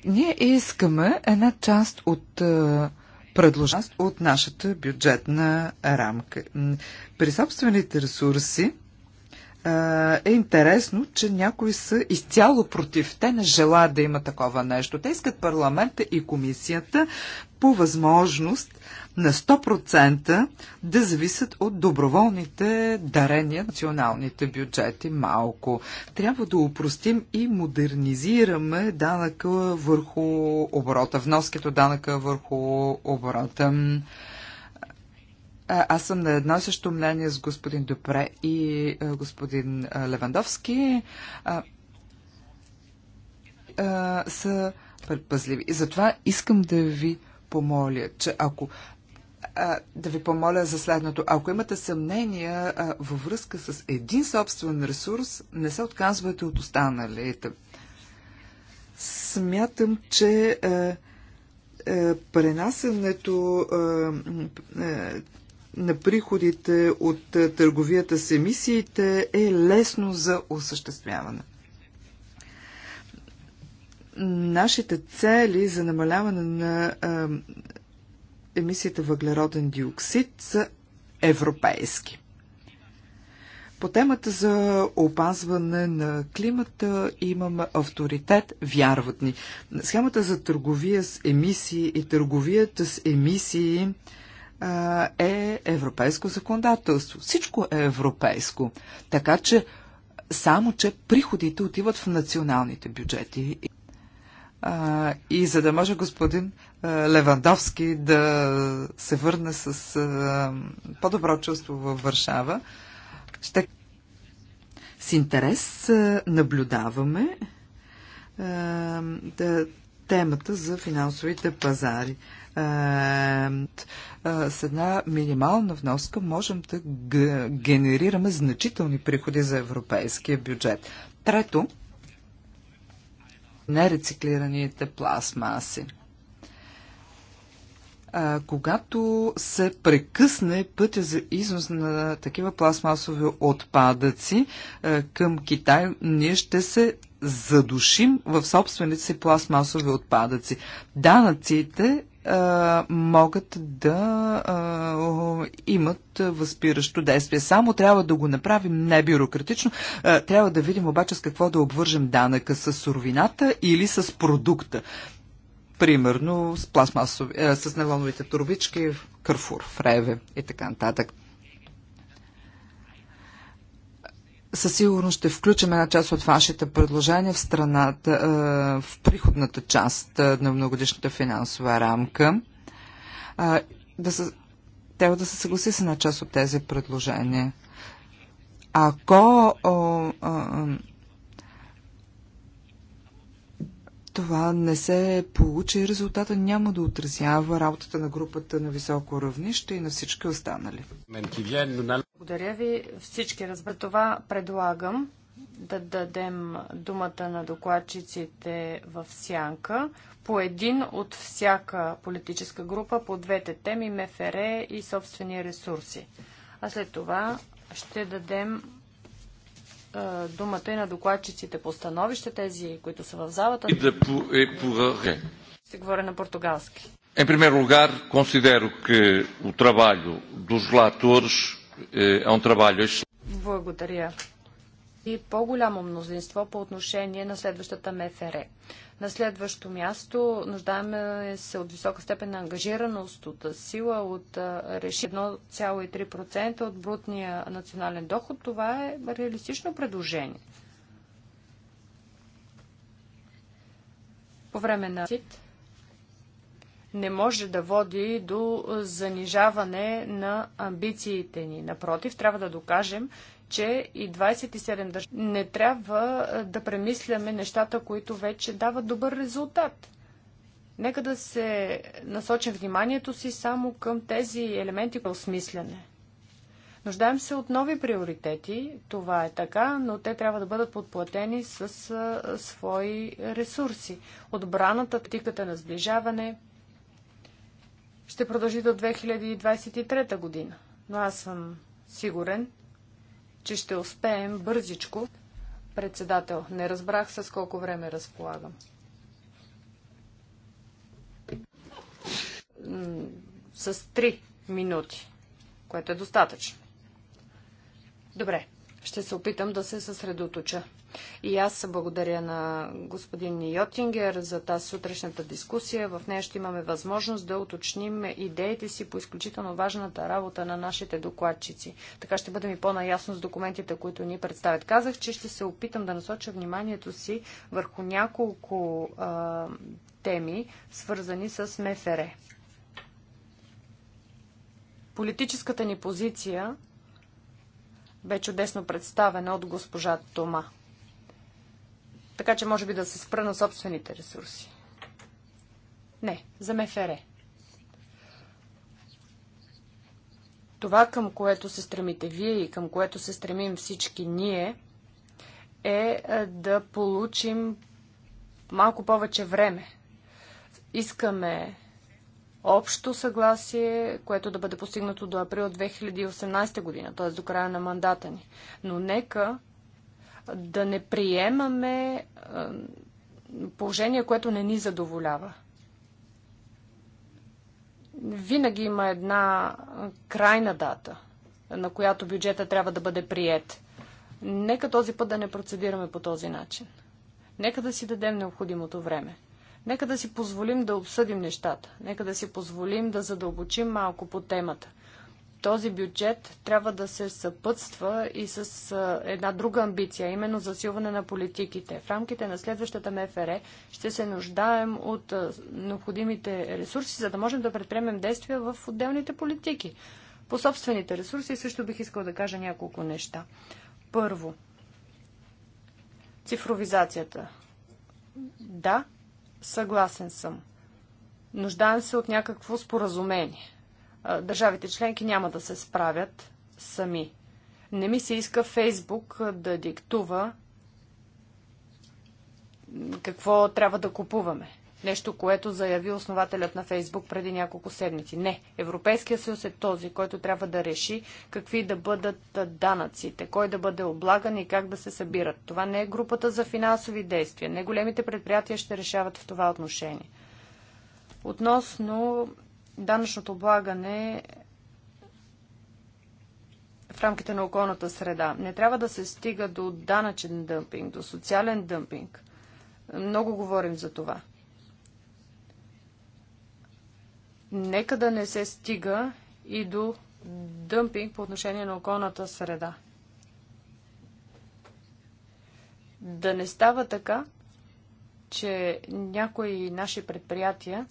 S3: Ние искаме една част от е, предложението от нашата бюджетна рамка. При собствените ресурси е интересно, че някои са изцяло против. Те не желаят да има такова нещо. Те искат парламента и комисията по възможност на 100% да зависят от доброволните дарения националните бюджети малко. Трябва да упростим и модернизираме данъка върху оборота, вноските данъка върху оборота. Аз съм на едно също мнение с господин Допре и господин Левандовски. А, а, са предпазливи. И затова искам да ви помоля, че ако да ви помоля за следното. Ако имате съмнения във връзка с един собствен ресурс, не се отказвайте от останалите. Смятам, че а, пренасенето на приходите от е, търговията с емисиите е лесно за осъществяване. Нашите цели за намаляване на а, е, емисията въглероден диоксид са европейски. По темата за опазване на климата имаме авторитет, вярват ни. Схемата за търговия с емисии и търговията с емисии е европейско законодателство. Всичко е европейско. Така че, само че приходите отиват в националните бюджети. А, и за да може господин а, Левандовски да се върне с а, по-добро чувство във Варшава, ще с интерес наблюдаваме да, темата за финансовите пазари. Е, е, с една минимална вноска можем да генерираме значителни приходи за европейския бюджет. Трето, нерециклираните пластмаси е, когато се прекъсне пътя за износ на такива пластмасови отпадъци към Китай, ние ще се задушим в собствените си пластмасови отпадъци. Данъците а, могат да а, имат възпиращо действие. Само трябва да го направим небюрократично. А, трябва да видим обаче с какво да обвържем данъка с суровината или с продукта. Примерно с, пластмасови, а, с нейлоновите турбички в Кърфур, в Реве и така нататък. със сигурност ще включим една част от вашите предложения в страната, е, в приходната част е, на многодишната финансова рамка. Да се, трябва да се съгласи с една част от тези предложения. Ако о, о, това не се получи, резултата няма да отразява работата на групата на високо равнище и на всички останали.
S2: Благодаря ви. Всички разбра това. Предлагам да дадем думата на докладчиците в сянка по един от всяка политическа група по двете теми МФР и собствени ресурси. А след това ще дадем е, думата и на докладчиците по становище, тези, които са в залата. и да е Ще говоря на португалски.
S1: Em primeiro lugar, considero que o trabalho dos relatores е, е
S2: Благодаря. И по-голямо мнозинство по отношение на следващата МФР. На следващо място нуждаеме се от висока степен на ангажираност, от сила, от реши 1,3% от брутния национален доход. Това е реалистично предложение. По време на СИТ не може да води до занижаване на амбициите ни. Напротив, трябва да докажем, че и 27 държави не трябва да премисляме нещата, които вече дават добър резултат. Нека да се насочим вниманието си само към тези елементи по осмислене. Нуждаем се от нови приоритети, това е така, но те трябва да бъдат подплатени с а, свои ресурси. Отбраната, тиката на сближаване, ще продължи до 2023 година. Но аз съм сигурен, че ще успеем бързичко. Председател, не разбрах с колко време разполагам. С 3 минути, което е достатъчно. Добре, ще се опитам да се съсредоточа. И аз благодаря на господин Йотингер за тази сутрешната дискусия. В нея ще имаме възможност да уточним идеите си по изключително важната работа на нашите докладчици. Така ще бъдем и по-наясно с документите, които ни представят. Казах, че ще се опитам да насоча вниманието си върху няколко а, теми, свързани с МФР. Политическата ни позиция бе чудесно представена от госпожа Тома. Така че може би да се спра на собствените ресурси. Не, за МФР. Това, към което се стремите вие и към което се стремим всички ние, е, е да получим малко повече време. Искаме общо съгласие, което да бъде постигнато до април 2018 година, т.е. до края на мандата ни. Но нека да не приемаме положение, което не ни задоволява. Винаги има една крайна дата, на която бюджета трябва да бъде прият. Нека този път да не процедираме по този начин. Нека да си дадем необходимото време. Нека да си позволим да обсъдим нещата. Нека да си позволим да задълбочим малко по темата този бюджет трябва да се съпътства и с една друга амбиция, именно засилване на политиките. В рамките на следващата МФР ще се нуждаем от необходимите ресурси, за да можем да предприемем действия в отделните политики. По собствените ресурси също бих искал да кажа няколко неща. Първо, цифровизацията. Да, съгласен съм. Нуждаем се от някакво споразумение държавите членки няма да се справят сами. Не ми се иска Фейсбук да диктува какво трябва да купуваме. Нещо, което заяви основателят на Фейсбук преди няколко седмици. Не, Европейския съюз е този, който трябва да реши какви да бъдат данъците, кой да бъде облаган и как да се събират. Това не е групата за финансови действия. Не големите предприятия ще решават в това отношение. Относно данъчното облагане в рамките на околната среда. Не трябва да се стига до данъчен дъмпинг, до социален дъмпинг. Много говорим за това. Нека да не се стига и до дъмпинг по отношение на околната среда. Да не става така, че някои наши предприятия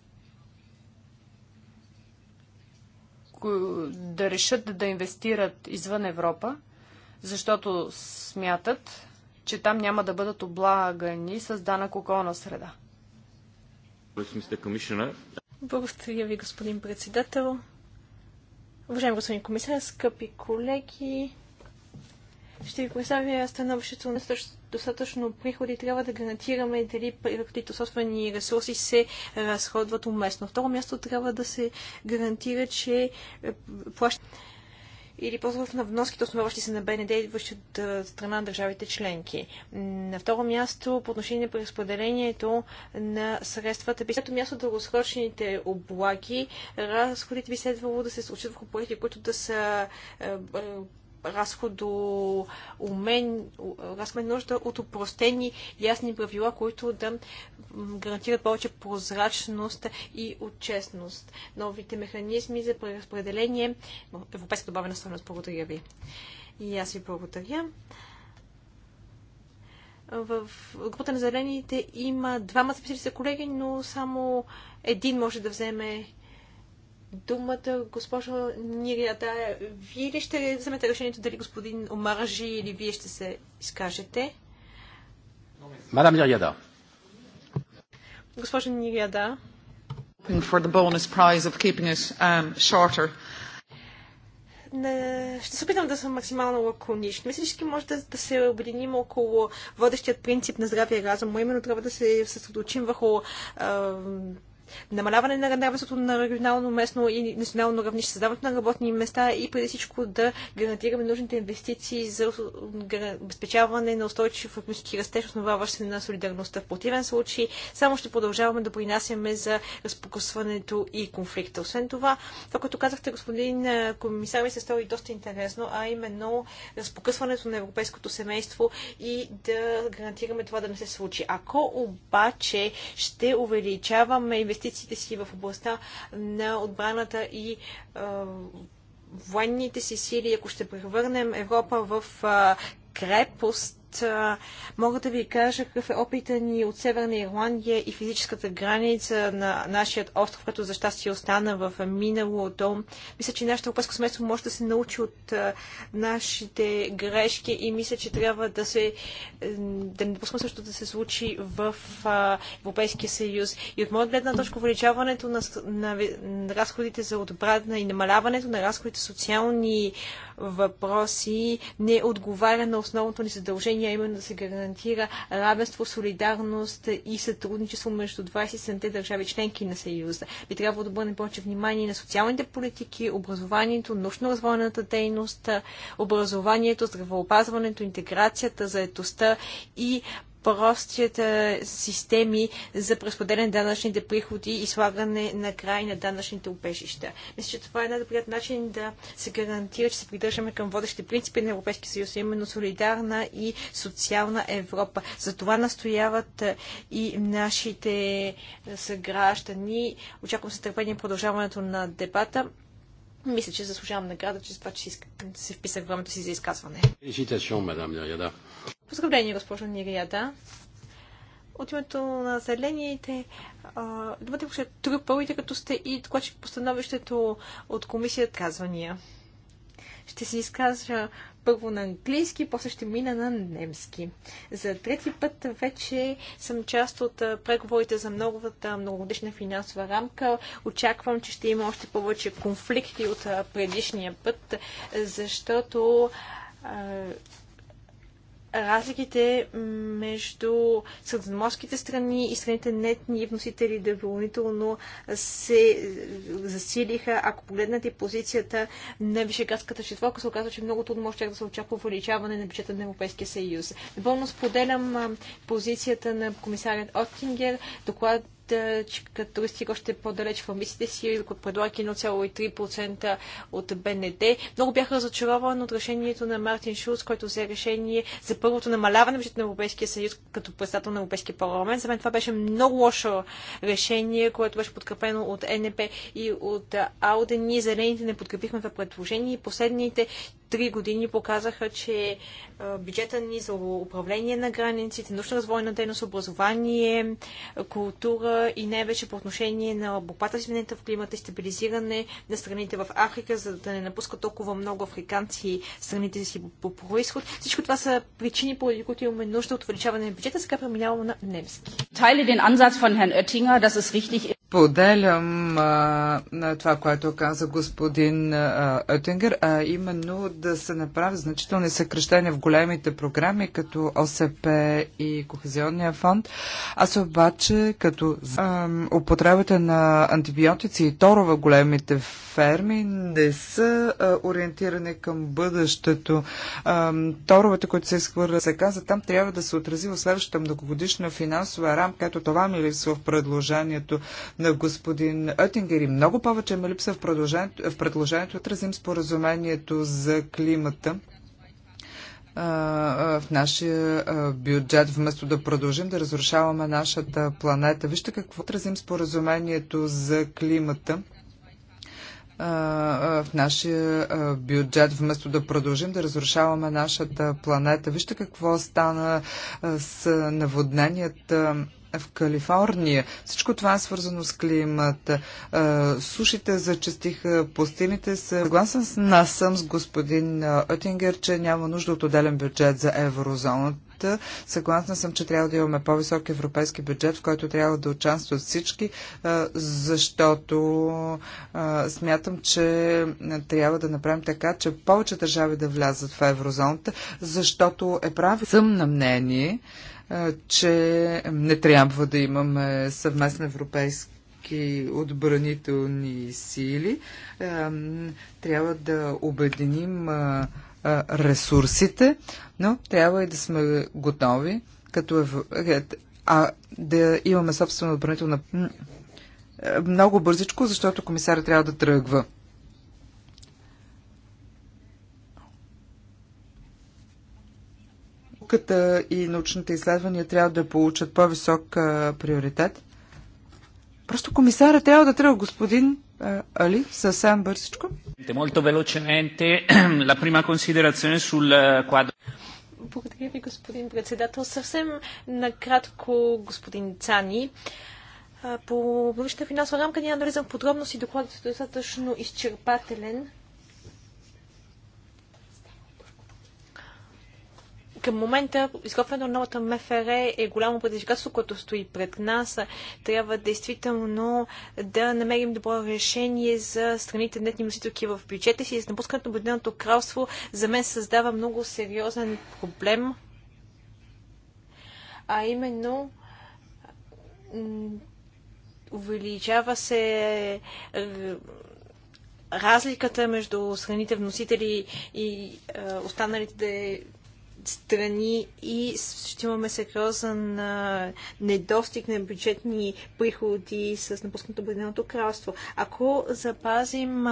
S2: да решат да инвестират извън Европа, защото смятат, че там няма да бъдат облагани
S1: с данък околна среда. Благодаря ви, господин председател. Уважаеми господин комисар, скъпи колеги, ще ви представя становището на достатъчно приходи. Трябва да гарантираме дали приходите собствени ресурси се разходват уместно. Второ място трябва да се гарантира, че е, плаща или по на вноските, основаващи се на БНД, идващи от е, страна на държавите членки. На второ място, по отношение на преразпределението на средствата, би място дългосрочните облаги, разходите би следвало да се случат върху проекти, които да са е, разходо умен, разходна нужда от упростени ясни правила, които да гарантират повече прозрачност и отчестност. Новите механизми за преразпределение, европейска добавена стоеност. благодаря ви. И аз ви благодаря. В групата на зелените има двама специалисти колеги, но само един може да вземе думата, госпожо Нирията. Вие ли ще вземете решението дали господин Омаржи или вие ще се изкажете?
S2: Мадам Нирията.
S1: Госпожо Нирията.
S2: For the bonus
S3: prize of keeping it um, shorter.
S1: Не, ще се опитам да съм максимално лаконична. Мисля, че може да, да се объединим около водещият принцип на здравия разум. Но Именно трябва да се съсредоточим върху е, намаляване на равенството на регионално, местно и национално равнище, създаването на работни места и преди всичко да гарантираме нужните инвестиции за обезпечаване на устойчив економически растеж, основаващ се на солидарността. В противен случай само ще продължаваме да принасяме за разпокъсването и конфликта. Освен това, това, което казахте, господин е, комисар, ми се стори доста интересно, а именно разпокъсването на европейското семейство и да гарантираме това да не се случи. Ако обаче ще увеличаваме инвестициите си в областта на отбраната и военните си сили, ако ще превърнем Европа в крепост, Мога да ви кажа какъв е опита ни от Северна Ирландия и физическата граница на нашия остров, като за щастие остана в миналото. Мисля, че нашето европейско семейство може да се научи от нашите грешки и мисля, че трябва да се е, да не допускам също да се случи в Европейския съюз. И от моят гледна точка увеличаването на, на, на разходите за отбрана и намаляването на разходите социални въпроси не отговаря на основното ни задължение, именно да се гарантира равенство, солидарност и сътрудничество между 27-те държави членки на Съюза. Би трябвало да бъде повече внимание на социалните политики, образованието, научно-развойната дейност, образованието, здравеопазването, интеграцията, заетостта и простите системи за преподелен на данъчните приходи и слагане на край на данъчните убежища. Мисля, че това е една добрият начин да се гарантира, че се придържаме към водещите принципи на Европейския съюз, именно солидарна и социална Европа. За това настояват е, и нашите съграждани. Очаквам се търпение продължаването на дебата. Мисля, че заслужавам награда, че това, че се вписах времето си за изказване. Фелиситацион, мадам Неряда. Поздравление, госпожо Нирията. От името на зелените, думата е го ще като сте и докладчик по становището от комисията казвания. Ще се изкажа първо на английски, после ще мина на немски. За трети път вече съм част от преговорите за новата многогодишна финансова рамка. Очаквам, че ще има още повече конфликти от предишния път, защото разликите между средноморските страни и страните нетни вносители допълнително се засилиха. Ако погледнете позицията на вишегарската четворка, се оказва, че много трудно може да се очаква увеличаване на бюджета на Европейския съюз. Напълно споделям позицията на комисарят Оттингер. Доклад, че като е стига още по-далеч в мислите си, като предлага 1,3% от БНД. Много бях разочарован от решението на Мартин Шулц, който взе решение за първото намаляване бюджета на Европейския съюз като председател на Европейския парламент. За мен това беше много лошо решение, което беше подкрепено от НП и от АУДЕ. Ние зелените не подкрепихме това предложение и последните три години показаха, че е, бюджета ни за управление на границите, научно-развойна дейност, образование, култура и най вече по отношение на борбата с в климата и стабилизиране на страните в Африка, за да не напускат толкова много африканци страните си по происход. Всичко това са причини, поради които имаме нужда от увеличаване на бюджета. Сега преминаваме на немски.
S2: Teile den Ansatz von Herrn Oettinger, dass es richtig
S3: Поделям а, на това, което каза господин Оттингер, а именно да се направят значителни съкрещения в големите програми, като ОСП и Кохезионния фонд. Аз обаче, като а, употребата на антибиотици и торова големите ферми не са а, ориентирани към бъдещето. А, торовете, които се изхвърлят, се каза, там трябва да се отрази в следващата многогодишна финансова рамка. Ето това ми липсва в предложението на господин Оттингер и много повече има липса в предложението, в предложението отразим споразумението за климата в нашия бюджет, вместо да продължим да разрушаваме нашата планета. Вижте какво отразим споразумението за климата в нашия бюджет, вместо да продължим да разрушаваме нашата планета. Вижте какво стана с наводненията в Калифорния. Всичко това е свързано с климата. Сушите зачастиха, пустините са. Съгласен с нас съм с господин Отингер, че няма нужда от отделен бюджет за еврозоната Съгласна съм, че трябва да имаме по-висок европейски бюджет, в който трябва да участват всички, защото смятам, че трябва да направим така, че повече държави да влязат в еврозоната, защото е прави съм на мнение, че не трябва да имаме съвместна европейска отбранителни сили. Трябва да обединим ресурсите, но трябва и да сме готови, като е, а, да имаме собствена отбранителна много бързичко, защото комисаря трябва да тръгва. науката и научните изследвания трябва да получат по-висок приоритет. Просто комисара трябва да трябва господин а, Али съвсем бързичко.
S1: Благодаря ви, господин председател. Съвсем накратко, господин Цани. По бъдеща финансова рамка ние анализам подробности, докладът е достатъчно изчерпателен. към момента изготвянето на новата МФР е голямо предизвикателство, което стои пред нас. Трябва действително да намерим добро решение за страните нетни носителки в бюджета си. напускането на Обединеното кралство за мен създава много сериозен проблем, а именно увеличава се разликата между страните вносители и останалите страни и ще имаме сериозен недостиг на бюджетни приходи с напускането Обединеното кралство. Ако запазим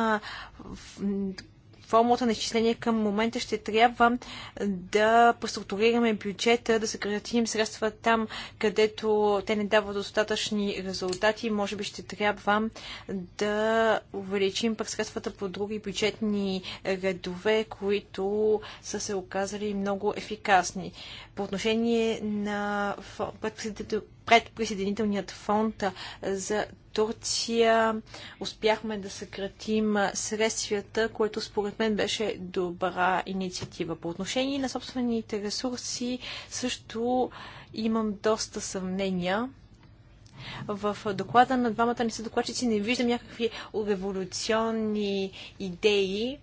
S1: формулата на изчисление към момента ще трябва да преструктурираме бюджета, да съкратим средства там, където те не дават достатъчни резултати. Може би ще трябва да увеличим пък средствата по други бюджетни редове, които са се оказали много ефикасни. По отношение на предпредседателите пред присъединителният фонд за Турция. Успяхме да съкратим средствията, което според мен беше добра инициатива. По отношение на собствените ресурси също имам доста съмнения. В доклада на двамата ни са докладчици не виждам някакви революционни идеи.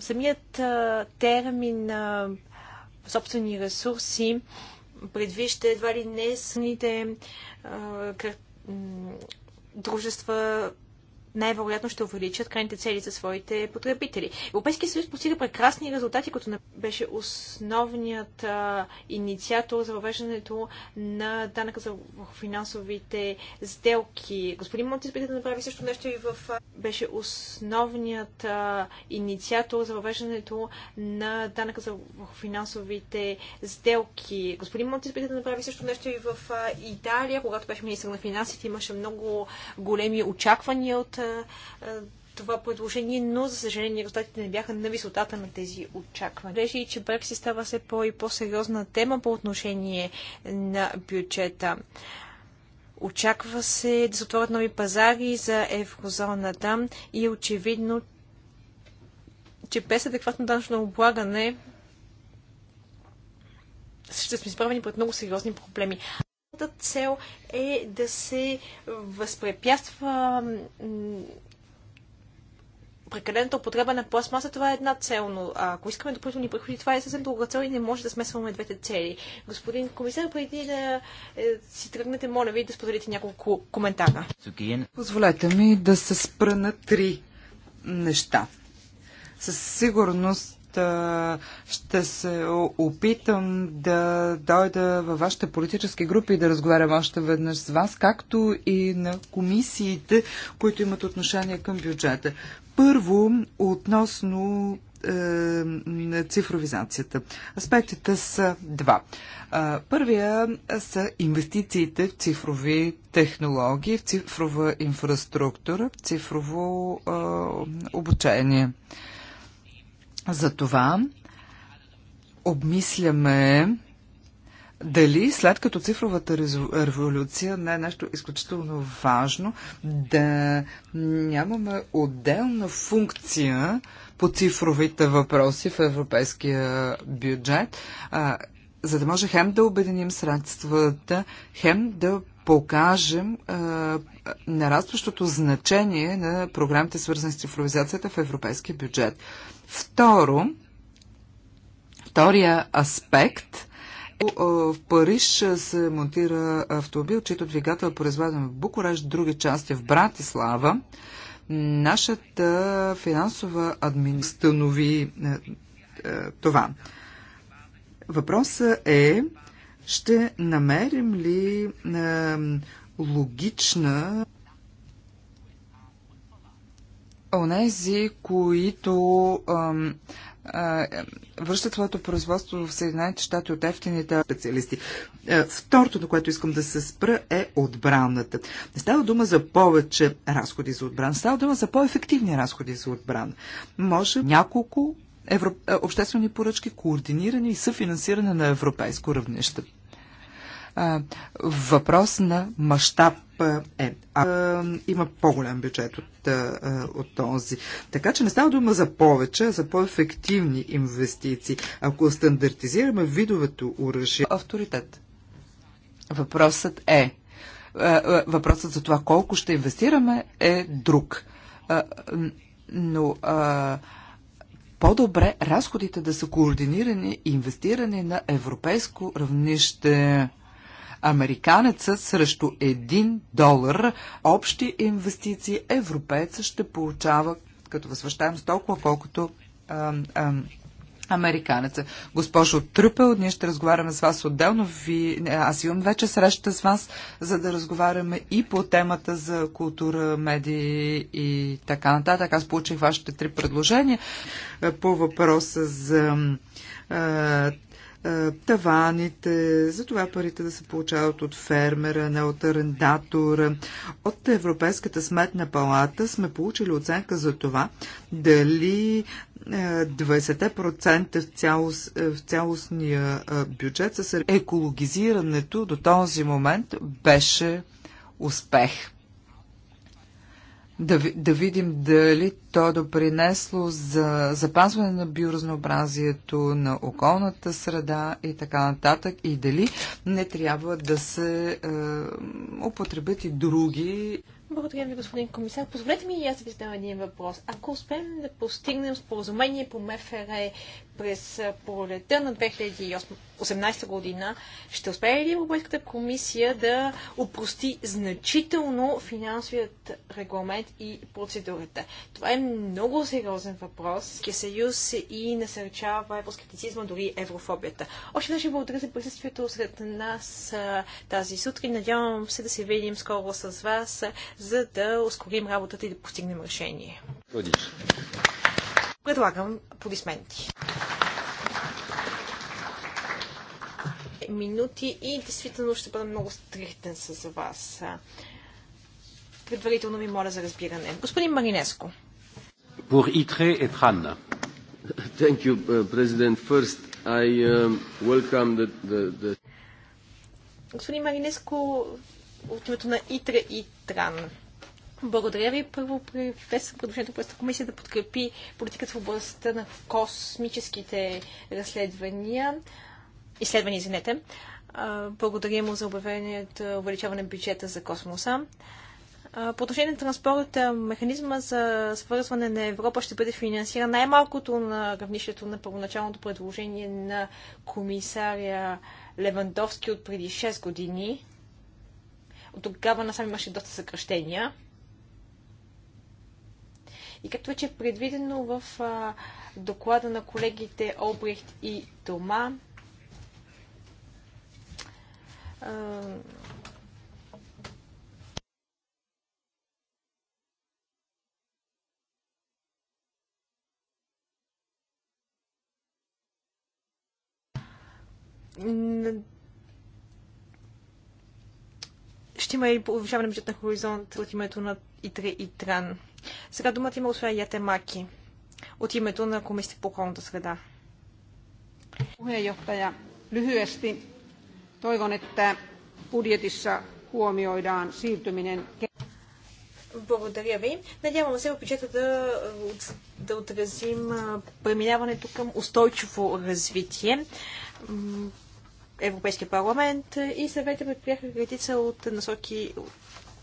S1: Самият термин собствени ресурси предвижда едва ли не съните дружества най-вероятно ще увеличат крайните цели за своите потребители. Европейския съюз постига прекрасни резултати, като беше основният а, инициатор за въвеждането на данъка за финансовите сделки. Господин Монтис да направи също нещо и в... беше основният а, инициатор за въвеждането на данъка за финансовите сделки. Господин Монтис да направи също нещо и в а, Италия, когато беше министър на финансите, имаше много големи очаквания от това предложение, но за съжаление резултатите не бяха на висотата на тези очаквания. И че Брекси става все по- и по-сериозна тема по отношение на бюджета. Очаква се да се отворят нови пазари за еврозоната и е очевидно, че без адекватно данъчно облагане ще сме изправени пред много сериозни проблеми. Първата цел е да се възпрепятства прекалената употреба на пластмаса, това е една цел, но ако искаме допълнителни приходи, това е съвсем друга цел и не може да смесваме двете цели. Господин комисар, преди да е, си тръгнете, моля ви да споделите няколко коментара.
S3: Позволете ми да се спра на три неща. Със сигурност ще се опитам да дойда във вашите политически групи и да разговарям още веднъж с вас, както и на комисиите, които имат отношение към бюджета. Първо, относно е, цифровизацията. Аспектите са два. Първия са инвестициите в цифрови технологии, в цифрова инфраструктура, в цифрово е, обучение. Е, затова обмисляме дали след като цифровата революция не е нещо изключително важно, да нямаме отделна функция по цифровите въпроси в европейския бюджет, а, за да може хем да обединим средствата, хем да покажем а, нарастващото значение на програмите свързани с цифровизацията в европейския бюджет. Второ, втория аспект е, в Париж се монтира автомобил, чието двигател е произведен в Букурещ, други части в Братислава. Нашата финансова администрация е, е, това. Въпросът е, ще намерим ли логична онези, които ам, а, е, връщат своето производство в Съединените щати от ефтините специалисти. Е, второто, на което искам да се спра, е отбраната. Не става дума за повече разходи за отбрана, става дума за по-ефективни разходи за отбрана. Може няколко евро... Е, обществени поръчки, координирани и съфинансиране на европейско равнище а, въпрос на мащаб е. А, има по-голям бюджет от, а, от този. Така че не става дума за повече, а за по-ефективни инвестиции. Ако стандартизираме видовето оръжие, авторитет. Въпросът е. Въпросът за това колко ще инвестираме е друг. Но по-добре разходите да са координирани и инвестирани на европейско равнище. Американецът срещу 1 долар общи инвестиции европейца ще получава като възвръщаем с толкова, колкото а, а, американеца. Госпожо Трупел, ние ще разговаряме с вас отделно. Ви, аз имам вече среща с вас, за да разговаряме и по темата за култура, медии и така нататък. Аз получих вашите три предложения е, по въпроса за а, е, е, таваните, за това парите да се получават от фермера, не от арендатора. От Европейската сметна палата сме получили оценка за това дали 20% е, в, цялост, е, в цялостния бюджет с екологизирането до този момент беше успех да, да видим дали то допринесло за запазване на биоразнообразието, на околната среда и така нататък, и дали не трябва да се е, употребят и други.
S1: Благодаря ви, господин комисар. Позволете ми и аз да ви задам един въпрос. Ако успеем да постигнем споразумение по МФР през пролета на 2018 година, ще успее ли Европейската комисия да опрости значително финансовият регламент и процедурата? Това е много сериозен въпрос. Съюз и насърчава евроскептицизма, дори еврофобията. Още даже благодаря за присъствието сред нас тази сутрин. Надявам се да се видим скоро с вас, за да ускорим работата и да постигнем решение. Годиш. Предлагам аплодисменти. Минути и действително ще бъда много стрихтен с вас. Предварително ви моля за разбиране. Господин Маринеско.
S2: Pour Итре е Ханна. Thank you, uh, President. First, I uh, welcome the, the, the...
S1: Господин Маринеско, от името на Итре и Тран. Благодаря ви. Първо професор, предложението на комисия да подкрепи политиката в областта на космическите разследвания. Изследвания, извинете. Благодаря му за обявението увеличаване на бюджета за космоса. По отношение на транспорта, механизма за свързване на Европа ще бъде финансиран най-малкото на равнището на първоначалното предложение на комисаря Левандовски от преди 6 години. От тогава насам имаше доста съкръщения. И както вече е предвидено в а, доклада на колегите Обрехт и Тома, ще има и повишаване бюджет на хоризонт от името на ИТРЕ и ТРАН. Сега думата има господин Маки от името на Комисията по околната среда. Puheenjohtaja, lyhyesti toivon, että budjetissa huomioidaan siirtyminen благодаря ви. Надявам се в бюджета да, да отразим преминаването към устойчиво развитие. Европейския парламент и съвета предприеха редица от насоки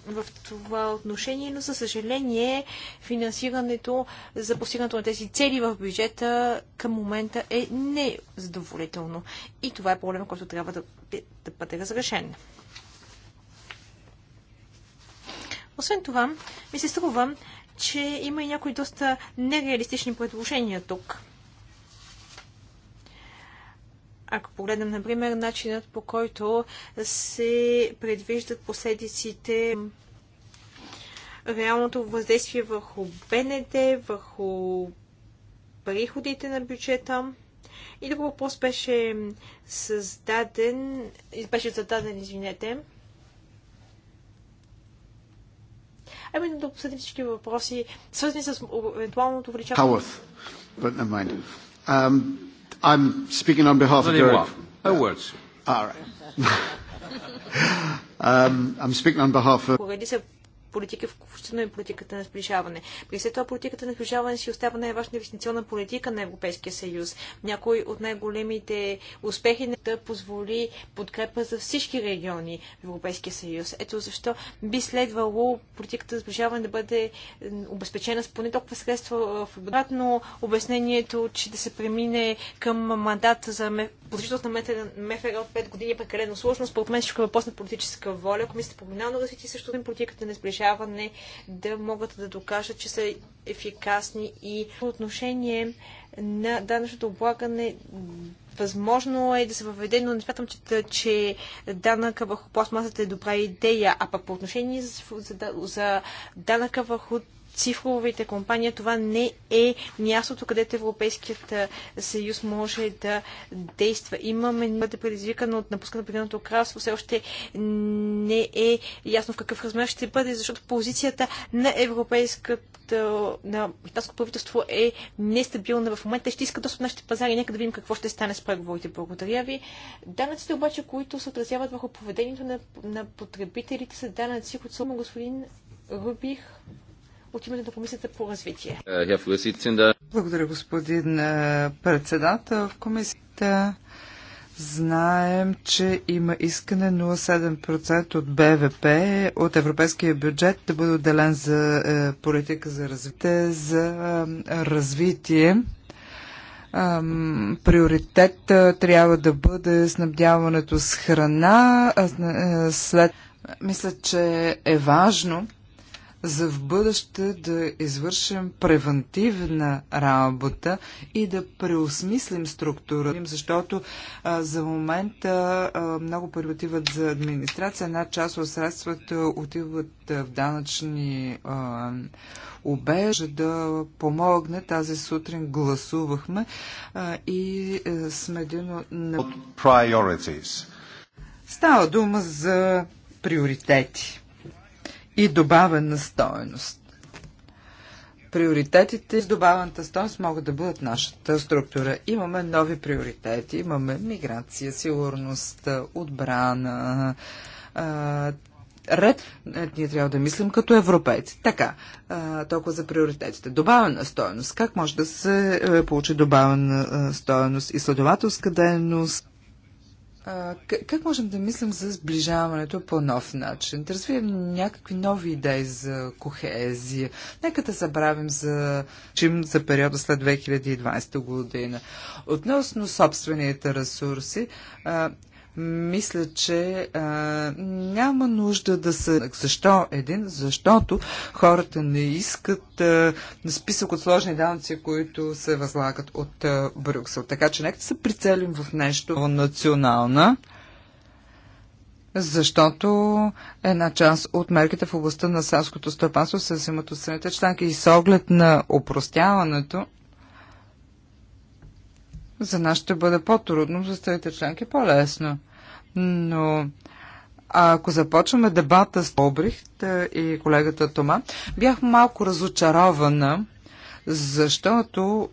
S1: в това отношение, но за съжаление финансирането за постигането на тези цели в бюджета към момента е незадоволително. И това е проблем, който трябва да, да бъде разрешен. Освен това, ми се струва, че има и някои доста нереалистични предложения тук. Ако погледнем, например, начинът по който се предвиждат последиците реалното въздействие върху БНД, върху приходите на бюджета. И друг въпрос беше създаден, беше зададен, извинете. Ами да обсъдим всички въпроси, свързани с евентуалното увеличаване. Um, I'm speaking on behalf of Derek. No words. All right. um, I'm speaking on behalf of политика, включително и политиката на сближаване. При след това политиката на сближаване си остава най-важна инвестиционна политика на Европейския съюз. Някой от най-големите успехи не да позволи подкрепа за всички региони в Европейския съюз. Ето защо би следвало политиката на сближаване да бъде обезпечена с поне толкова средства в обратно обяснението, че да се премине към мандат за положителност на МФР от 5 години е прекалено сложно. Според мен всичко е въпрос на политическа воля. Комисията по регионално развитие също е политиката на сближаване сближаване да могат да докажат, че са ефикасни и по отношение на данъчното облагане възможно е да се въведе, но не смятам, че, че данъка върху пластмасата е добра идея. А пък по отношение за, за, за данъка върху цифровите компании, това не е мястото, където Европейският съюз може да действа. Имаме бъде предизвикано от напускане на Обединеното кралство, все още не е ясно в какъв размер ще бъде, защото позицията на европейската, на британско правителство е нестабилна в момента. Ще искат достъп нашите пазари. Нека да видим какво ще стане с преговорите. Благодаря ви. Данъците обаче, които се отразяват върху поведението на, на потребителите, са данъци, които са господин Рубих от името на Комисията по развитие.
S2: Е,
S3: Благодаря, господин е, председател. В комисията Знаем, че има искане 0,7% от БВП от европейския бюджет да бъде отделен за е, политика за развитие. За е, развитие приоритет е, трябва да бъде снабдяването с храна. След... Мисля, че е важно за в бъдеще да извършим превентивна работа и да преосмислим структура, защото а, за момента а, много пари отиват за администрация, една част от средствата отиват в данъчни а, обежа да помогне. Тази сутрин гласувахме а, и а, е, сме един от... Става дума за приоритети и добавена стоеност. Приоритетите с добавената стоеност могат да бъдат нашата структура. Имаме нови приоритети. Имаме миграция, сигурност, отбрана, ред, ние трябва да мислим като европейци. Така, толкова за приоритетите. Добавена стоеност. Как може да се е, получи добавена е, стоеност? Изследователска дейност, как можем да мислим за сближаването по нов начин? Да развием някакви нови идеи за кохезия. Нека да забравим за, чим за периода след 2020 година. Относно собствените ресурси, мисля, че а, няма нужда да се... Защо един? Защото хората не искат а, списък от сложни данъци, които се възлагат от а, Брюксел. Така че нека да се прицелим в нещо национално, защото една част от мерките в областта на селското стопанство се взимат от страните членки и с оглед на опростяването за нас ще бъде по-трудно, за старите членки по-лесно. Но а ако започваме дебата с Обрихт и колегата Тома, бях малко разочарована, защото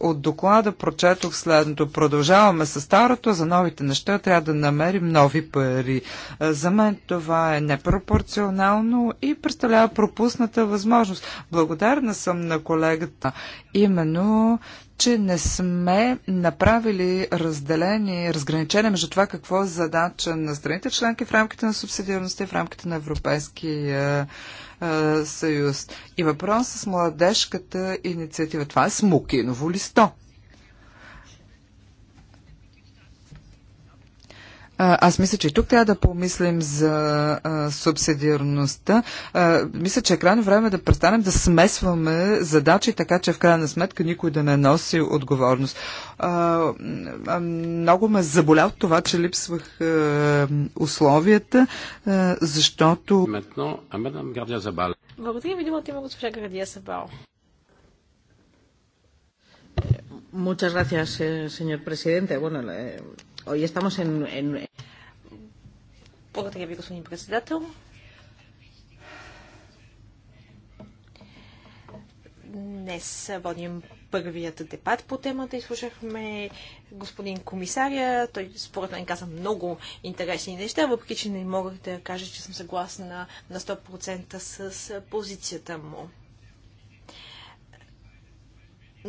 S3: от доклада прочетох следното. Продължаваме с старото, за новите неща трябва да намерим нови пари. Е, за мен това е непропорционално и представлява пропусната възможност. Благодарна съм на колегата. Именно че не сме направили разделение, разграничение между това какво е задача на страните членки в рамките на субсидиарността и в рамките на Европейския е, съюз. И въпрос с младежката инициатива. Това е смокиново листо. Аз мисля, че и тук трябва да помислим за а, субсидиарността. А, мисля, че е крайно време да престанем да смесваме задачи, така че в крайна сметка никой да не носи отговорност. А, а, много ме заболя от това, че липсвах а, условията, а, защото...
S1: Благодаря ви, думата има госпожа Градия Сабал. Muchas gracias, eh, señor presidente. Bueno, Hoy estamos en, en... Благодаря ви, господин председател. Днес водим първият дебат по темата. Изслушахме господин комисаря. Той според мен каза много интересни неща, въпреки че не мога да кажа, че съм съгласна на 100% с позицията му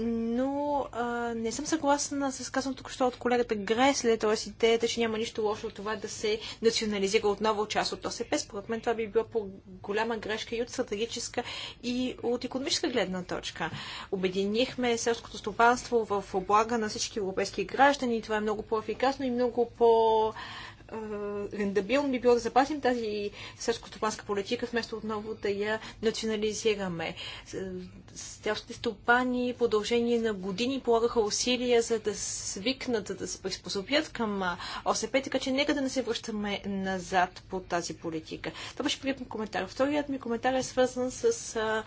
S1: но а, не съм съгласна с казаното тук, що от колегата Гресле, т.е. идеята, че няма нищо лошо от това да се национализира отново част от ОСП. Според мен това би било по голяма грешка и от стратегическа, и от економическа гледна точка. Обединихме селското стопанство в облага на всички европейски граждани. Това е много по-ефикасно и много по- рендабилно би било да запазим тази селско-стопанска политика, вместо отново да я национализираме. Селските стопани продължение на години полагаха усилия, за да свикнат, да се приспособят към ОСП, така че нека да не се връщаме назад по тази политика. Това беше първият ми коментар. Вторият ми коментар е свързан с а,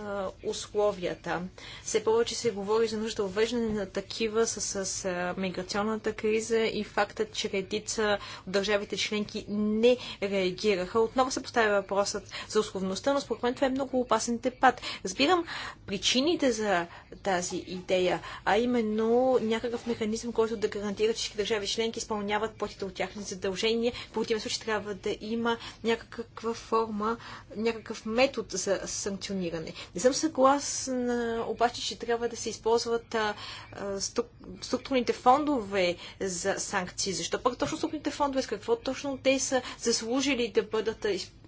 S1: а, условията. Все повече се говори за нужда въвеждане на такива с, с а, миграционната криза и фактът, че редица държавите членки не реагираха. Отново се поставя въпросът за условността, но според мен това е много опасен депат. Разбирам причините за тази идея, а именно някакъв механизъм, който да гарантира, че всички държави членки изпълняват платите от тяхни задължения. В противен случай трябва да има някаква форма, някакъв метод за санкциониране. Не съм съгласна обаче, че трябва да се използват а, а, структурните фондове за санкции. Защо пък точно структурните фондове? фондове, с какво точно те са заслужили да бъдат използвани